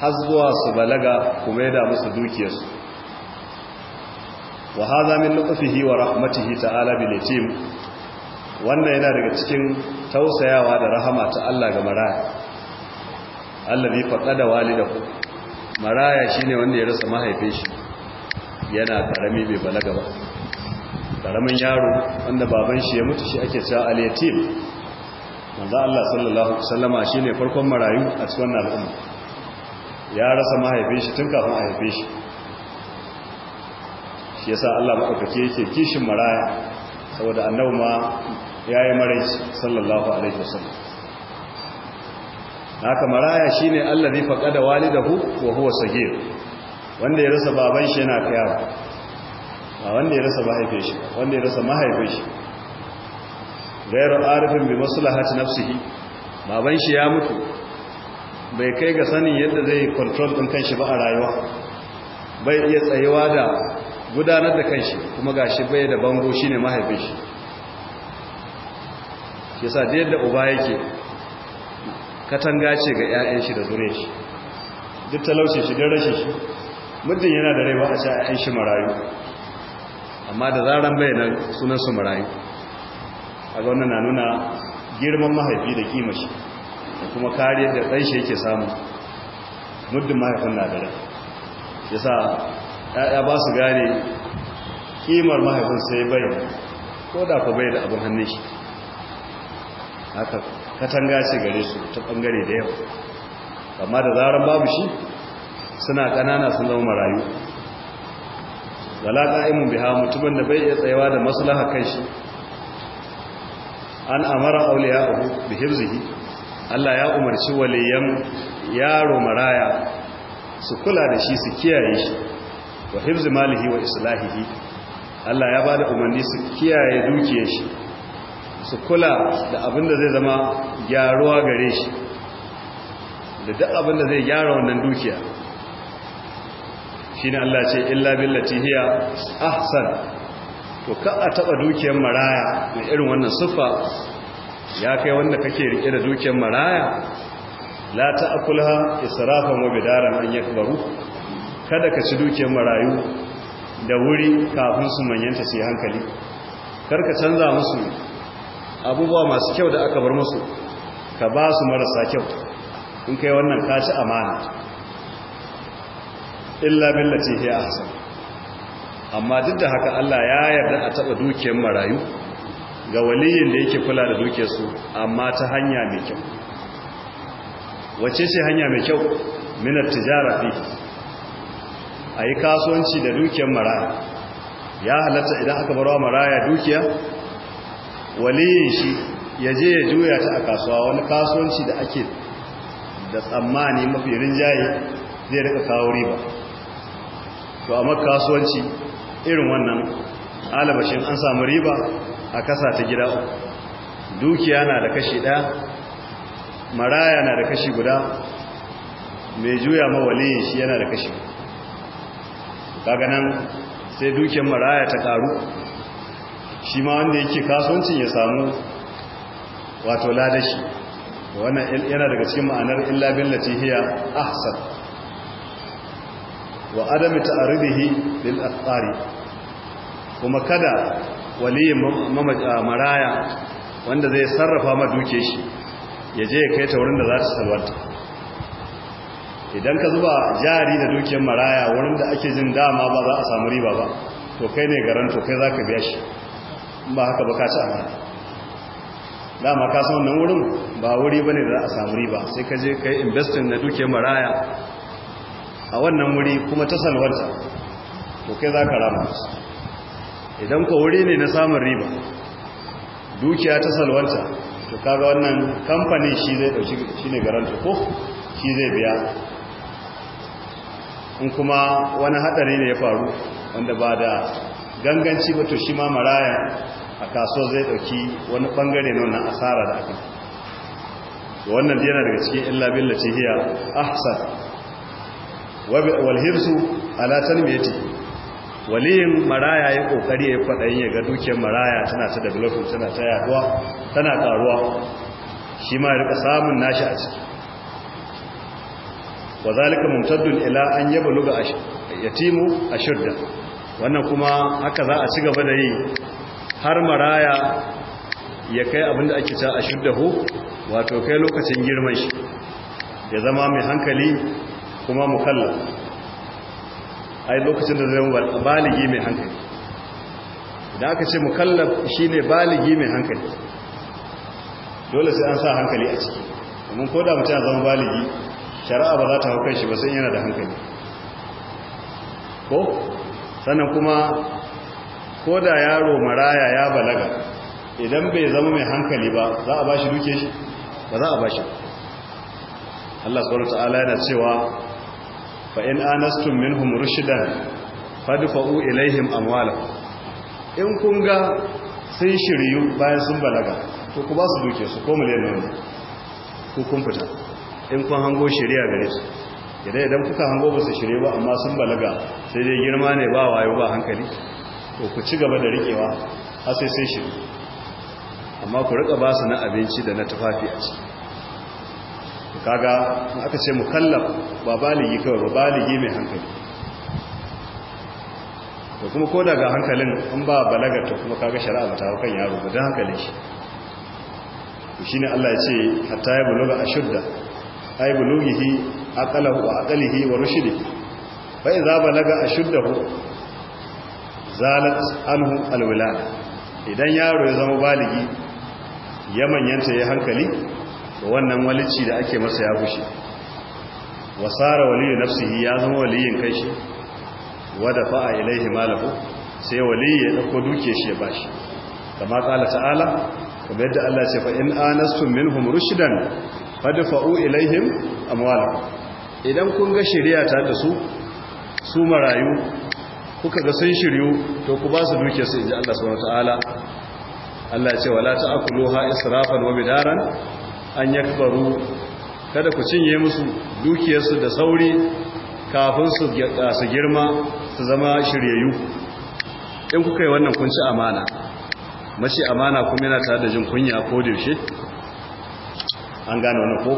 har zuwa su balaga ku da musu dukiyarsu wa hadha min lutfihi wa rahmatihi ta'ala bil yatim wannan yana daga cikin tausayawa da rahama ta Allah ga marayu. allazi faqada walidahu maraya shine wanda ya rasa mahaifin shi yana karami bai balaga ba karamin yaro wanda baban shi ya mutu shi ake cewa al-yatim manzo Allah sallallahu alaihi wasallama shine farkon marayu a cikin wannan al'umma ya rasa mahaifin shi tun kafin a haife shi shi yasa Allah madaukake yake kishin maraya saboda annabi ma yayi maraici sallallahu alaihi wasallam haka maraya shine wali da walidahu wa huwa sahir wanda ya rasa baban shi yana kayawa ba wanda ya rasa mahaifin shi wanda ya rasa mahaifin shi gairar arifin bi maslahati nafsihi baban shi ya mutu bai kai ga sanin yadda zai control din kanshi ba a rayuwa bai iya tsayewa da gudanar da kanshi kuma gashi bai da bango shine mahaifin shi yasa da yadda uba yake katanga ce ga 'ya'yan shi da zure shi duk talauci shi don rashin shi muddin yana da rai ba a ce 'ya'yan shi marayu amma da zaren bayanan sunansu marayu a na nuna girman mahaifi da kima shi da kuma kariya da ɗan shi yake samu muddin mahaifin na da rai sa ya'ya ba su gane kimar mahaifin sai bayan ko da ku bai da abin hannun shi haka katanga ce gare su ta bangare da yau amma da zaran babu shi suna kanana sun zama marayu wala qa'imun biha mutumin da bai iya tsayawa da maslaha kan shi an amara awliya'uhu bi hirzihi Allah ya umarci waliyan yaro maraya su kula da shi su kiyaye shi wa hirzi malihi wa islahihi Allah ya bada umarni su kiyaye dukiyar shi su kula da abin da zai zama gyaruwa gare shi da duk abin da zai gyara wannan dukiya shi ne Allah ce illa billati hiya ahsan to ka a taba dukiyar maraya mai irin wannan siffa ya kai wanda kake rike da dukiyar maraya la ta'kulha israfan wa bidaran an yakbaru kada ka ci dukiyar marayu da wuri kafin su manyanta su yi hankali Kar ka canza musu abubuwa masu kyau da aka bar musu ka ba su marasa kyau in kai wannan kashi amana illa billati hiya ahsan amma duk da haka Allah ya yarda a taba dukiyar marayu ga waliyin da yake kula da dukiyar su amma ta hanya mai kyau wace ce hanya mai kyau min tijara fi ayi kasuwanci da dukiyar maraya ya halatta idan aka barwa maraya dukiya waliyin shi ya je ya juya ta a kasuwa wani kasuwanci da ake da tsammani mafi rinjaye zai rika kawo riba to amma kasuwanci irin wannan alabashin an samu riba a kasa ta gida dukiya na da kashi ɗaya maraya na da kashi guda mai juya ma shi yana da kashi kaga nan sai dukiyar maraya ta ƙaru. shi ma wanda yake kasuwancin ya samu wato ladashi wannan yana daga cikin ma'anar illa billati hiya ahsan wa adami ta'ridihi lil athari kuma kada waliyin maraya wanda zai sarrafa ma duke shi ya je ya kai ta wurin da za ta salwanta idan ka zuba jari da dukiyar maraya wurin da ake jin dama ba za a samu riba ba to kai ne garanto kai za ka biya shi ba haka ba ka ci amana dama ka san wannan wurin ba wuri ba ne da za a samu riba sai ka je ka yi investing na duke maraya a wannan wuri kuma ta salwanta to kai za ka rama su idan ka wuri ne na samun riba dukiya ta salwanta to kaga wannan kamfani shi zai dauki shi ne garanta ko shi zai biya in kuma wani hadari ne ya faru wanda ba da ganganci ba to shi ma maraya a kasuwa zai dauki wani bangare na asara da aka wannan yana daga cikin illa ce hiya ahsan wal hirsu ala tanmiyati waliyin maraya ya kokari ya kwadayin ya ga dukiyar maraya tana ta development tana ta yaduwa tana karuwa shi ma rika samun nashi a ciki wa zalika mumtaddun ila an yabluga yatimu ashudda wannan kuma haka za a ci gaba da yi har maraya ya kai abinda ake ta a shuddahu wato kai lokacin girman shi ya zama mai hankali kuma mukalla ai lokacin da zai baligi mai hankali idan aka ce shi ne baligi mai hankali dole sai an sa hankali a ciki domin ko da mutum zama baligi shari'a ba za ta hau shi ba sai yana da hankali ko sannan kuma ko da yaro maraya ya balaga idan bai zama mai hankali ba za a bashi duke shi ba za a bashi Allah subhanahu ta'ala yana cewa fa in anastum minhum rushdan fadfa'u ilaihim amwala in kun ga sun shiryu bayan sun balaga to ku ba su duke su ko miliyan nawa ku kun fita in kun hango shirya gare su idan idan kuka hango ba su shirye ba amma sun balaga sai dai girma ne ba wayo ba hankali to ku ci gaba da riƙewa har sai sai shirye amma ku riƙa ba su na abinci da na tufafi a ci kaga aka ce mukallaf ba baligi kawai ba baligi mai hankali da kuma ko daga hankalin in ba balaga to kuma kaga shari'a ba ta hau kan yaro ba don hankalin shi shi ne Allah ya ce hatta ya ga ashudda bulu bulughihi aqalahu wa aqalihi wa rushdihi fa idza balaga ashuddahu zalat anhu alwilada idan yaro ya zama baligi ya manyanta ya hankali to wannan walici da ake masa ya gushe wasara waliyu nafsihi ya zama waliyin kai shi wada fa'a ilaihi malahu sai waliyi ya dauko duke shi ya bashi kama qala ta'ala kamar yadda Allah ce fa in anastum minhum rushdan fadfa'u ilaihim amwalahum idan kun ga shirya ta da su su marayu kuka ga sun shiryu to ku ba su duke su inji Allah subhanahu wataala Allah ya ce wala ta'kuluha israfan wa bidaran an yakbaru kada ku cinye musu dukiyarsu da sauri kafin su su girma su zama shiryayyu in kuka yi wannan kun ci amana mace amana kuma yana tare da jin kunya ko da an gane wani ko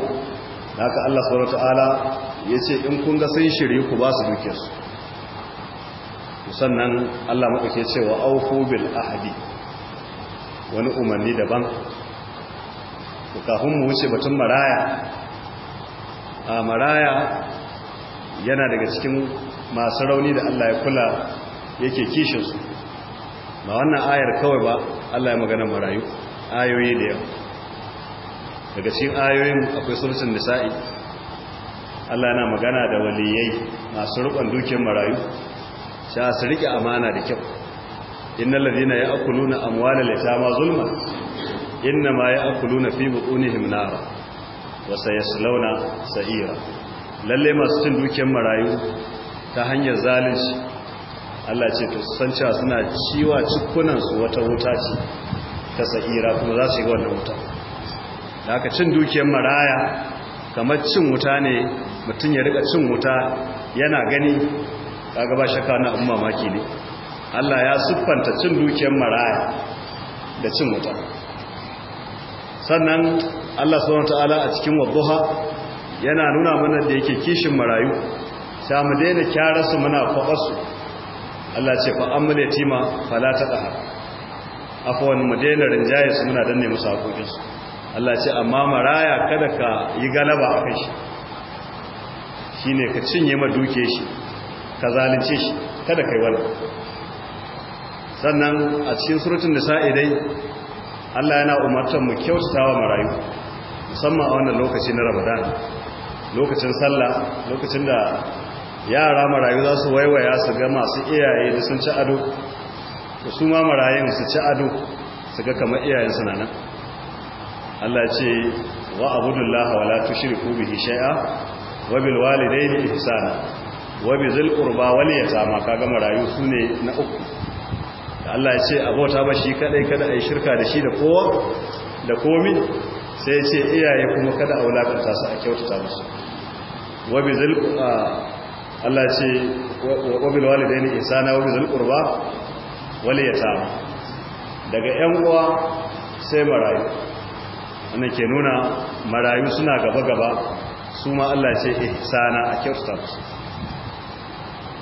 haka Allah subhanahu wataala ya ce in kun ga sun shirye ku ba su su sannan allah ke cewa aufu bil ahadi wani umarni daban kafin mu wuce batun maraya a maraya yana daga cikin masu rauni da allah ya kula yake su ba wannan ayar kawai ba allah ya magana marayu ayoyi da yau daga cikin ayoyin akwai surutun nisa'i Allah na magana da waliyai masu rikon dukiyar marayu sha su rike amana da kyau innal ladina ya'kuluna amwalal ma zulma innama ya'kuluna fi butunihim nara wa sayaslawna sa'ira lalle masu cin dukiyar marayu ta hanyar zalunci Allah ce to san cewa suna ciwa cikunan su wata wuta ce ta sa'ira kuma za su yi wannan wuta da aka cin dukiyar maraya kamar cin wuta ne mutum ya rika cin wuta yana gani kaga ba shakka na umma mamaki ne Allah ya siffanta cin dukiyar maraya da cin wuta sannan Allah subhanahu wataala a cikin wadduha yana nuna mana da yake kishin marayu sai mu daina kyararsu muna su Allah ce fa amma tima fala taqha afwan mu daina rinjaye su muna danne musu hakokin su Allah ce amma maraya kada ka yi galaba a kai shi ne ka cinye ma duke shi ka zalunce shi kada kai wani sannan a cikin surutun nisa'i dai Allah yana umartar mu wa marayu musamman a wannan lokaci na Ramadan lokacin sallah lokacin da yara marayu za su waiwaya su ga masu iyaye da sun ci ado da su ma marayun su ci ado su ga kamar iyayen suna nan Allah ce wa abudullahi wa la tushriku bihi shay'a wa bil walidaini ihsana wa bi zil qurba wal yatama kaga marayu sune na uku da Allah ya ce abota ba shi kadai kada ai shirka da shi da kowa da komi sai ya ce iyaye kuma kada a ta su a kyautata musu wa bi zil Allah ce wa bil walidaini ihsana wa bi zil qurba wal yatama daga yan uwa sai marayu wannan ke nuna marayu suna gaba gaba su ma Allah ya ce ihsana a kyautar su.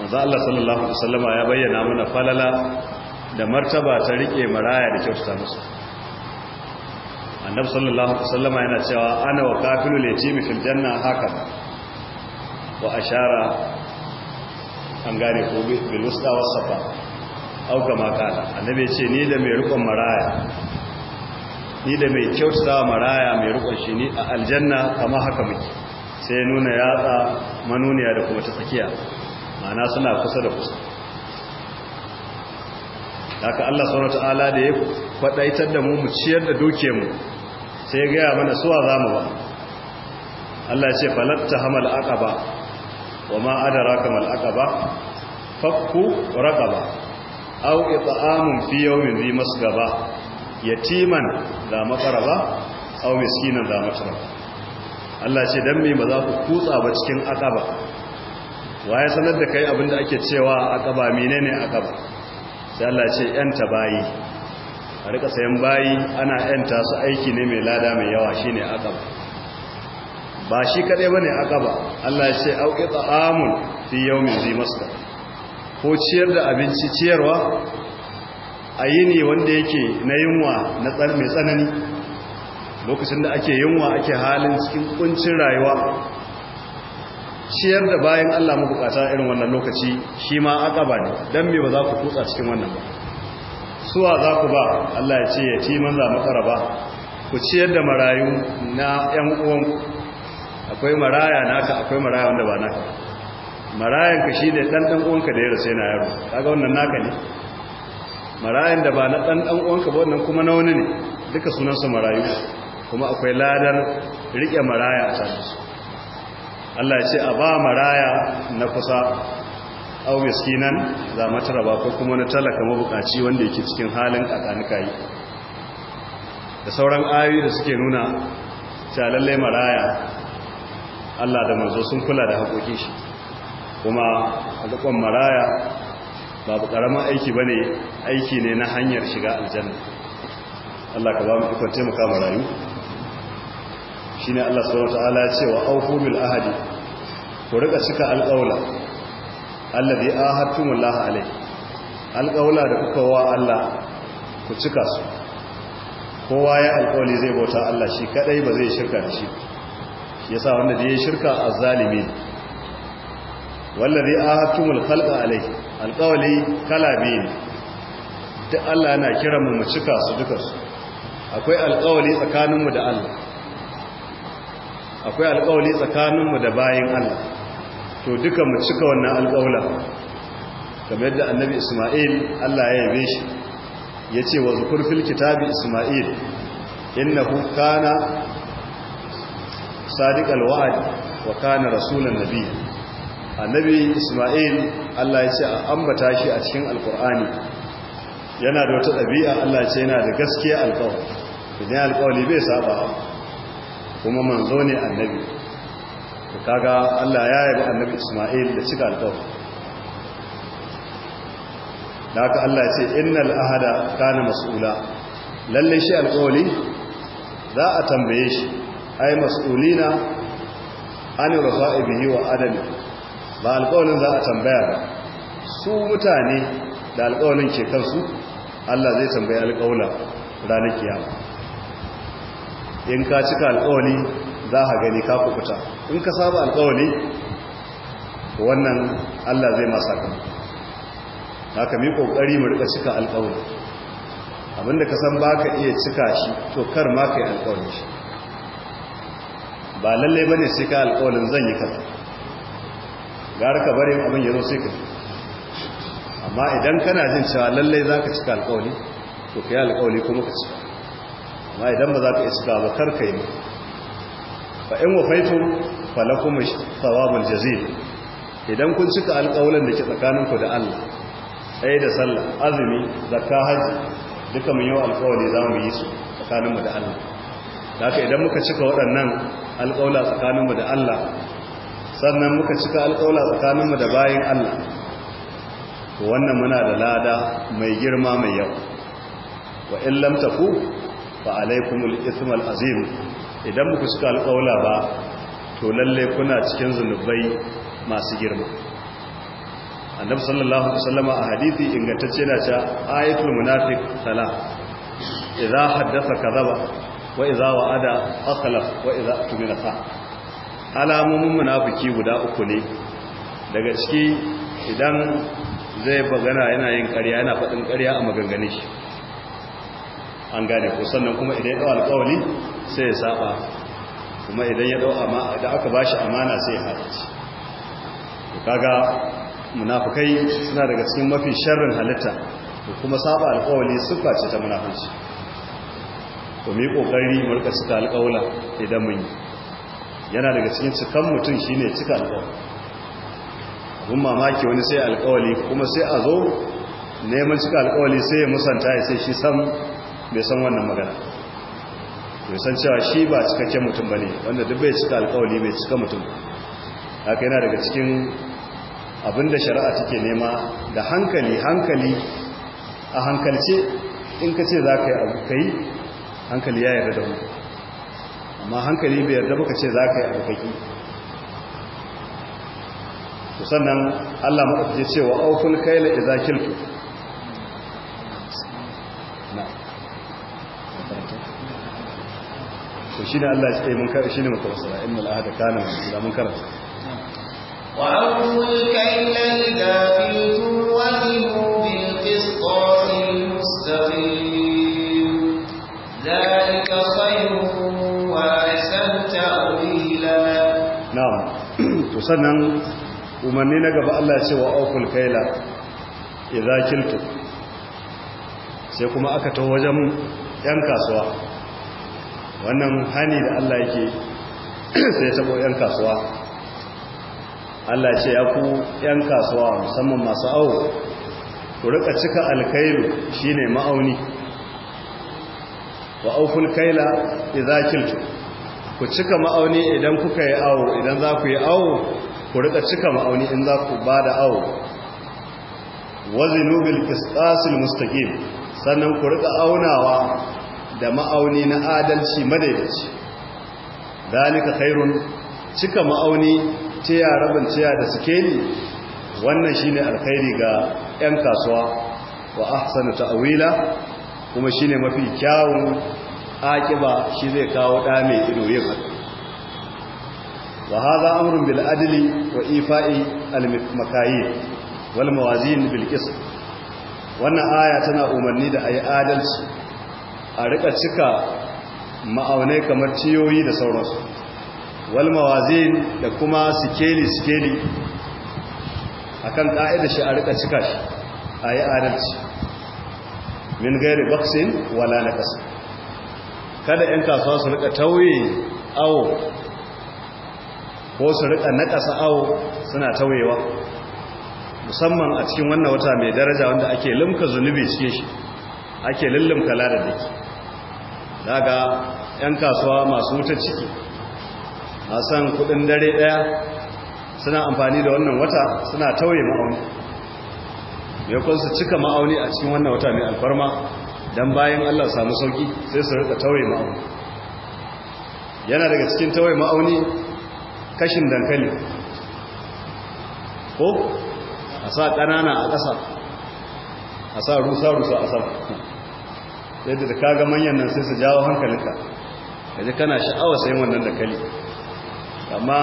maza Allah sallallahu alaihi wasallama ya bayyana muna falala da martaba ta rike maraya da kyautar musu annabi sallallahu alaihi wasallama yana cewa ana wa kafin yatimi fil janna haka wa ashara an gane ko bil wasa ba au kama kana annabi ce ni da mai rikon maraya ni da mai kyautar maraya mai rikon shi ni a aljanna kama haka muke sai nuna yatsa manuniya da kuma ta tsakiya ma'ana suna kusa da kusa haka Allah subhanahu ta'ala da ya faɗaitar da mu mu ciyar da doke mu sai ya gaya mana suwa mu ba Allah ya ce falatta hamal aqaba wa ma adraka mal aqaba fakku raqaba aw it'amun fi yawmin dhi masgaba yatiman da makaraba aw miskinan da mataraba Allah ce dan mai ba za ku kutsa ba cikin aqaba waye sanar da kai abinda ake cewa aqaba menene aqaba sai Allah ce yanta bayi a rika sayan bayi ana yanta su aiki ne mai lada mai yawa shine aqaba ba shi kadai bane aqaba Allah ya ce auqita amun fi yawmin zi masdar ko ciyar da abinci ciyarwa a yini wanda yake na yunwa na mai tsanani lokacin da ake yunwa ake halin cikin kuncin rayuwa ciyar da bayan Allah mabukata irin wannan lokaci shi ma aqaba ne dan me ba za ku kutsa cikin wannan ba suwa za ku ba Allah ya ce man za makaraba ku ciyar da marayu na 'yan uwan akwai maraya naka akwai maraya wanda ba naka marayan ka shi da dan dan uwanka da ya rasu yana yaro kaga wannan naka ne marayan da ba na dan dan uwanka ba wannan kuma na wani ne duka sunansa marayu kuma akwai ladar riƙe maraya a tare Allah ya ce a ba maraya na kusa au miskinan za mataraba ko kuma na talaka mabukaci wanda yake cikin halin yi da sauran ayoyi da suke nuna cewa lallai maraya Allah da manzo sun kula da haƙoƙin shi kuma alƙon maraya babu ƙaramin aiki bane aiki ne na hanyar shiga aljanna Allah ka ba mu ikon taimaka marayu shine Allah subhanahu wataala ya ce wa awfu ahadi ku rika cika alƙawla alladhi ahadtumullahi alai alƙawla da kuka wa Allah ku cika su kowa ya alƙawli zai bauta Allah shi kadai ba zai shirka da shi ya sa wanda da ya shirka a azzalimi wallazi ahatumul khalqa alai alqawli kala biyu da Allah yana kiran mu mu cika su duka su akwai alqawli tsakaninmu da Allah akwai alƙawali tsakaninmu da bayan Allah to duka mu cika wannan alƙawla kamar yadda annabi Isma'il Allah ya yabe shi yace wa zukur fil kitabi Isma'il innahu kana sadiqal alwa'd wa kana rasulan nabiy annabi Isma'il Allah ya ce a ambata shi a cikin alƙur'ani yana da wata ɗabi'a Allah ya ce yana da gaskiya alƙawari idan alƙawari bai saba kuma manzo ne annabi to kaga Allah ya yabi annabi Isma'il da cika alƙawari da haka Allah ya ce innal ahada kana mas'ula lalle shi alƙawari za a tambaye shi ai mas'ulina an rafa'ibihi wa adali ba alƙawarin za a tambaya ba su mutane da alƙawarin ke kansu Allah zai tambaye alƙawla ranar kiyama in ka cika alkawali za a gani ka kukuta in ka saba alkawali wannan Allah zai masa kan haka mi kokari mu rika cika alkawali abinda ka san baka iya cika shi to kar ma kai alkawali shi ba lalle bane sai ka alkawalin zan yi kafa gara ka bari abin ya sai ka amma idan kana jin cewa lalle zaka cika alkawali to kai alkawali kuma ka cika ma idan ba za ka iska ba karka yi ba in wafaitum falakum tsawabin jazil idan kun cika alkawulan da ke tsakaninku da Allah tsaye da sallah azumi zakka hajji duka mun yi alƙawari za mu yi su tsakaninmu da Allah ka idan muka cika waɗannan alƙawla tsakaninmu da Allah sannan muka cika alƙawla tsakaninmu da bayin Allah wannan muna da lada mai girma mai yawa wa in lamta tafu fa alaikumul ismal azim idan muku suka alƙaula ba to lalle kuna cikin zunubai masu girma annabi sallallahu alaihi wasallam a hadisi ingantacce na cewa ayatul munafiq sala idza haddatha kadhaba wa idza wa'ada akhlaf wa idza tumina sa alamomin munafiki guda uku ne daga ciki idan zai bagana yana yin ƙarya yana faɗin ƙarya a maganganun shi an gane ko sannan kuma idan ya dau alƙawali sai ya saba kuma idan ya dau amma idan aka bashi amana sai ya haɗaci kaga munafikai suna daga cikin mafi sharrin halitta kuma saba alƙawali siffa ce ta munafici to mu kokari mu rika cika alƙawla idan mun yi yana daga cikin cikan mutum shine cika alƙawali abun mamaki wani sai alƙawali kuma sai a zo neman cika alƙawali sai ya musanta ya sai shi san bai san wannan magana bai san cewa shi ba cikakken mutum ba ne wanda duk bai cika alkawali bai cika mutum haka yana daga cikin abinda shari'a take nema da hankali hankali a hankalce in ka ce za ka yi abu ka yi hankali ya yarda da mu amma hankali bai yarda ba ka ce za ka yi abu ka ki to sannan Allah maɗafi ce wa aukul kaila idza kiltu to shine Allah ya ce mun kar shine muka wasara innal ahada kana da mun karanta wa awful kayla idza qiltum wa zinu bil qistasil mustaqim dhalika khayrun wa ahsanu ta'wila na'am to sannan umarni na gaba Allah ya ce wa awful kayla idza qiltum sai kuma aka tawo wajen yan kasuwa wannan hani da Allah yake sai tabo yan kasuwa Allah ce ya ku yan kasuwa musamman masu awo ku rika cika alkailu shine ma'auni wa auful kaila idza kiltu ku cika ma'auni idan kuka yi awo idan za ku yi awo ku rika cika ma'auni in za ku ba da awo wazinu bil qistasil mustaqim sannan ku rika aunawa da ma'auni na adalci madaidaici dalika khairun cika ma'auni ciya rabin ciya da sikeli wannan shine alkhairi ga 'yan kasuwa wa ahsanu ta'wila kuma shine mafi kyawun akiba shi zai kawo da mai ido yin haka wa hadha amrun bil adli wa ifa'i al makayi wal mawazin bil qist wannan aya tana umarni da ayi adalci a rika cika ma'aunai kamar ciyoyi da sauransu wal mawazin da kuma sikeli sikeli akan ka'ida shi a rika cika shi a yi adalci min gari baksin wala na ƙasa kada 'yan kasuwa su rika tauye awo ko su rika na ƙasa awo suna tauyewa musamman a cikin wannan wata mai daraja wanda ake limka zunubi cikin shi ake lullumka ladadaki daga 'yan kasuwa masu wuta ciki san kudin dare daya suna amfani da wannan wata suna tauye ma'auni yakon su cika ma'auni a cikin wannan wata mai alfarma don bayan allah samu sauki sai su rika tauye ma'auni yana daga cikin tauye ma'auni kashin dankali ko a sa ƙanana a ƙasa a sa rusa-rusa a sa yadda da kaga manyan nan sai su jawo hankalinka kaji kana sha'awa sai wannan dakali amma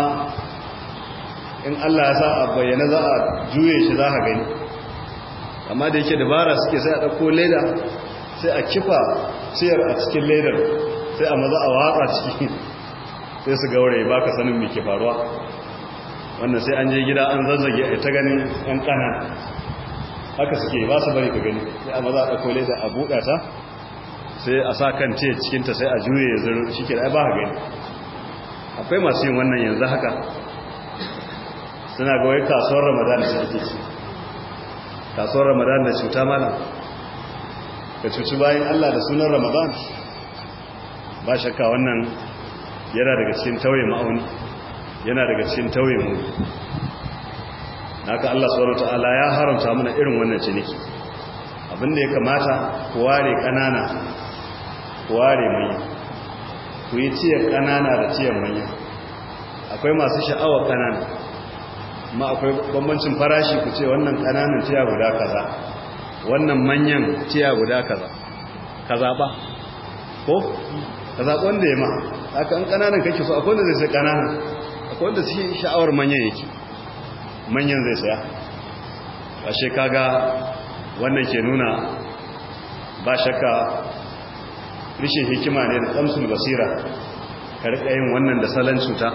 in Allah ya sa a bayyana za a juye shi za a gani amma da yake dabara suke sai a ɗauko leda sai a kifa siyar a cikin ledar sai a maza a watsa ciki sai su gaure ba ka sanin mai faruwa wannan sai an je gida an zazzage a ta ganin yan ƙana haka suke ba su bari ka gani sai a maza a ɗauko leda a buɗa ta sai a sa kan ce cikinta sai a juye ya zaro shi ke ba a gani akwai masu yin wannan yanzu haka suna ga wai kasuwar ramadan su ake ci kasuwar ramadan da cuta mana ka cuci bayan allah da sunan ramadan ba shakka wannan yana daga cikin tauye ma'auni yana daga cikin tauye mu haka allah subhanahu ta'ala ya haramta mana irin wannan ciniki abinda ya kamata kowa ne kanana ku ware manya ku yi ciyar ƙanana da ciyar manya akwai masu sha'awa kanana ma akwai bambancin farashi ku ce wannan ƙananan ciya guda kaza wannan manyan ciya guda kaza kaza ba ko kaza wanda ya ma haka an ƙananan kake so akwai wanda zai sai ƙanana akwai wanda shi sha'awar manyan yake manyan zai saya ashe kaga wannan ke nuna ba shakka rishin hikima ne da kamsul basira ka yin wannan da salon cuta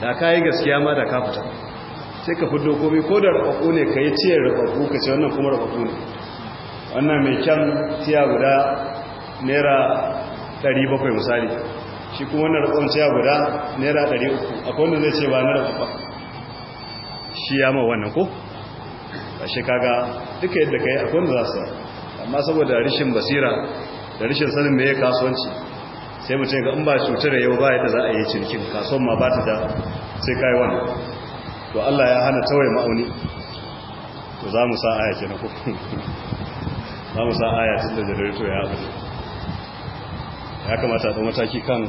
da ka yi gaskiya ma da ka fita sai ka fiddo komi ko da rabaku ne ka yi ciyar rabaku ka ce wannan kuma rabaku ne wannan mai kyan tiya guda naira 700 misali shi kuma wannan rabon tiya guda naira 300 akwai wanda zai ce ba na rababa shi ya ma wannan ko a shi kaga duka yadda ka yi akwai wanda za su amma saboda rishin basira da rashin sanin mai kasuwanci sai mutum ga in ba cutar da yau ba yadda za a yi cinikin kasuwan ma ba ta da sai kai wani to Allah ya hana tawai ma'auni to za mu sa aya ke na kuku za mu sa aya tun da janareto ya abu ya kamata a mataki kan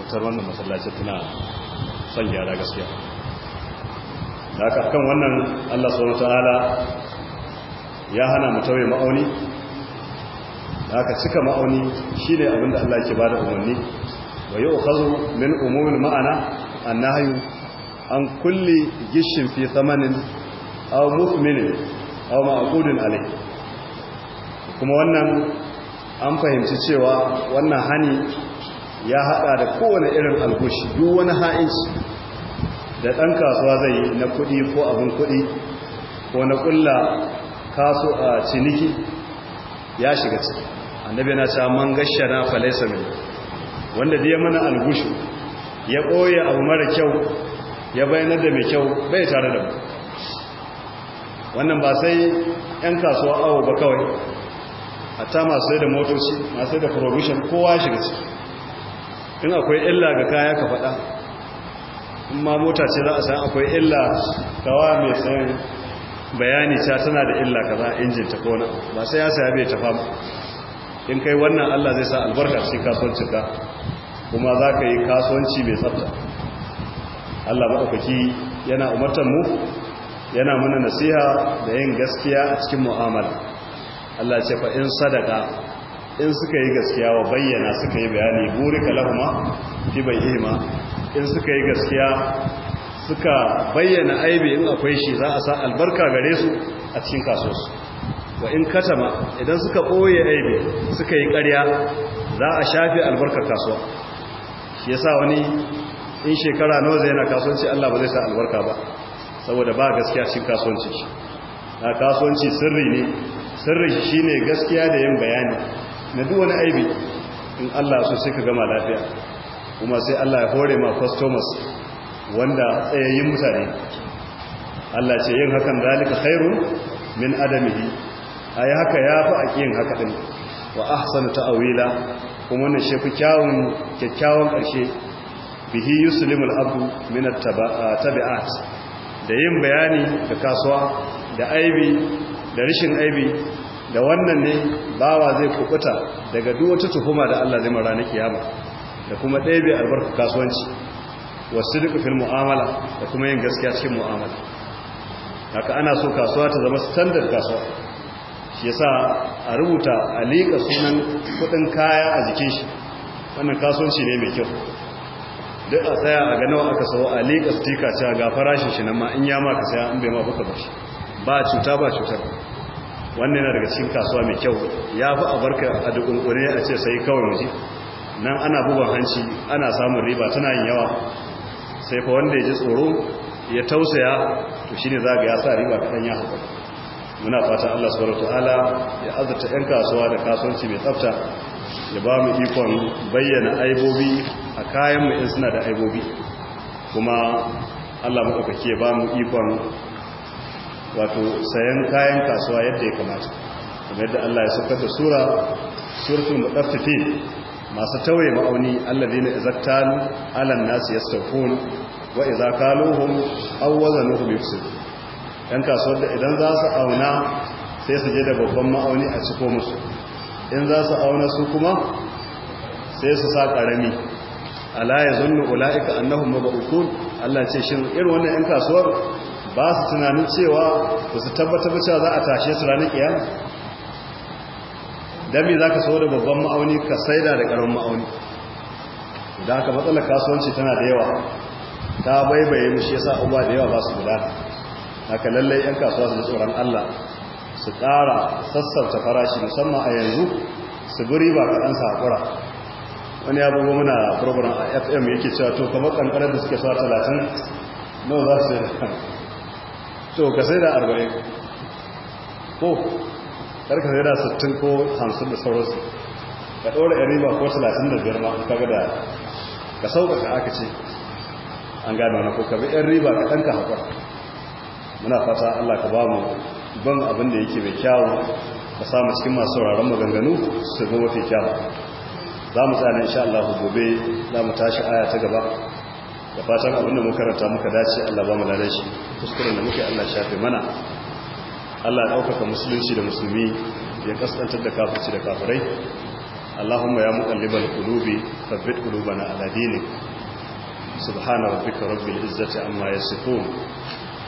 mutar wannan masallacin tana son gyara gaskiya da aka kan wannan Allah subhanahu ta'ala ya hana mu tauye ma'auni haka cika ma'auni shine abin da Allah ke ba da umarni wa yu'khadhu min umumin ma'ana hayu an kulle gishin fi tsamanin awa mu'minin awa ma'akudin alayh kuma wannan an fahimci cewa wannan hani ya haɗa da kowane irin algushi duk wani ha'inci da ɗan kasuwa zai yi na kuɗi ko abin kuɗi ko na ƙulla kasu a ciniki ya shiga ciki annabi na sa man gashshana falaysa min wanda dai ya mana algushu ya ɓoye abu mara kyau ya bayyana da mai kyau bai tare da mu wannan ba sai yan kasuwa awo ba kawai hatta masu sai da motoci masu sai da provision kowa shiga ciki in akwai illa ga kaya ka faɗa in ma mota ce za a san akwai illa kawa mai sayan bayani ta tana da illa kaza injin ta kona ba sai ya saya bai tafa ba in kai wannan Allah zai sa albarka cikin ka kuma za ka yi kasuwanci mai tsafta Allah maɗaukaki yana umartar mu yana mana nasiha da yin gaskiya a cikin mu'amala Allah ce fa in sadaka in suka yi gaskiya wa bayyana suka yi bayani burika lahuma fi bayyima in suka yi gaskiya suka bayyana aibe in akwai shi za a sa albarka gare su a cikin kasuwanci wa in katama idan suka ɓoye aibi suka yi ƙarya za a shafe albarkar kasuwa shi yasa wani in shekara nawa zai yana kasuwanci Allah ba zai sa albarka ba saboda ba gaskiya cikin kasuwanci shi na kasuwanci sirri ne sirri shi ne gaskiya da yin bayani na duk wani aibi in Allah so sai ka gama lafiya kuma sai Allah ya hore ma customers wanda tsayayyin mutane Allah ce yin hakan zalika khairun min adamihi a yi haka ya fi a yin haka ɗin wa ahsan ta'awila kuma wannan shi kyawun kyakkyawan ƙarshe bihi yusulimul abu min tabi'at da yin bayani da kasuwa da aibi da rishin aibi da wannan ne bawa zai kukuta daga duk wata tuhuma da Allah zai mara na kiyama da kuma ɗebe albarka kasuwanci wasu duk fil mu'amala da kuma yin gaskiya cikin mu'amala haka ana so kasuwa ta zama standard kasuwa shi yasa a rubuta a liƙa sunan kudin kaya a jikin shi wannan kasuwanci ne mai kyau duk a tsaya a ganawa aka sau a liƙa stika cewa ga farashin shi nan ma in ya ka saya in bai ma buka ba shi ba cuta ba cutar wannan yana daga cikin kasuwa mai kyau ya fi a barka a dukunkure a ce sai kawai waje nan ana buban hanci ana samun riba tana yin yawa sai fa wanda ya ji tsoro ya tausaya to shine za ga ya sa riba kaɗan ya haƙura muna fata Allah subhanahu wataala ya azurta yan kasuwa da kasuwanci mai tsafta ya ba mu ikon bayyana aibobi a kayanmu in suna da aibobi kuma Allah madaukaki ya ba mu ikon wato sayan kayan kasuwa yadda ya kamata kuma yadda Allah ya saukar da sura suratul mutaffifin masu tauye ma'auni alladhina izaktalu alan nasi yastawfun wa idza kaluhum aw wazanuhum yufsidun yan kasuwar da idan za su auna sai su je da babban ma'auni a ciko musu in za su auna su kuma sai su sa ƙarami ala ya ula'ika ba mab'uthun Allah ce shin irin wannan yan kasuwar ba su tunanin cewa ba su tabbatar cewa za a tashe su ranar kiyama dan me zaka so da babban ma'auni ka sai da karamin ma'auni da ka matsalar kasuwanci tana da yawa ta baibaye mu shi yasa uba da yawa ba su gudana haka lallai 'yan kasuwa su tsoron Allah su ƙara sassauta farashi musamman a yanzu su guri ba kaɗan saƙura wani ya bugu muna program a fm yake cewa to kama ƙanƙarar da suke sa talatin no za su da to ka sai da arba'in ko karka sai da sittin ko hamsin da sauransu ka ɗora yan riba ko talatin da biyar ma ka ga da ka ka aka ce an gano na ko ka bi yan riba ka ɗanka haƙura muna fata Allah ka bamu ban abin da yake mai kyawu ka samu cikin masu sauraron maganganu su ga mafi kyawu za mu tsaya insha Allah gobe za mu tashi aya ta gaba da fatan abin da muka karanta muka dace Allah ba mu da shi kuskuren da muke Allah shafe mana Allah ya ɗaukaka musulunci da musulmi ya kaskantar da kafirci da kafirai اللهم يا مقلب القلوب ثبت قلوبنا على دينك سبحان ربك رب العزة عما يصفون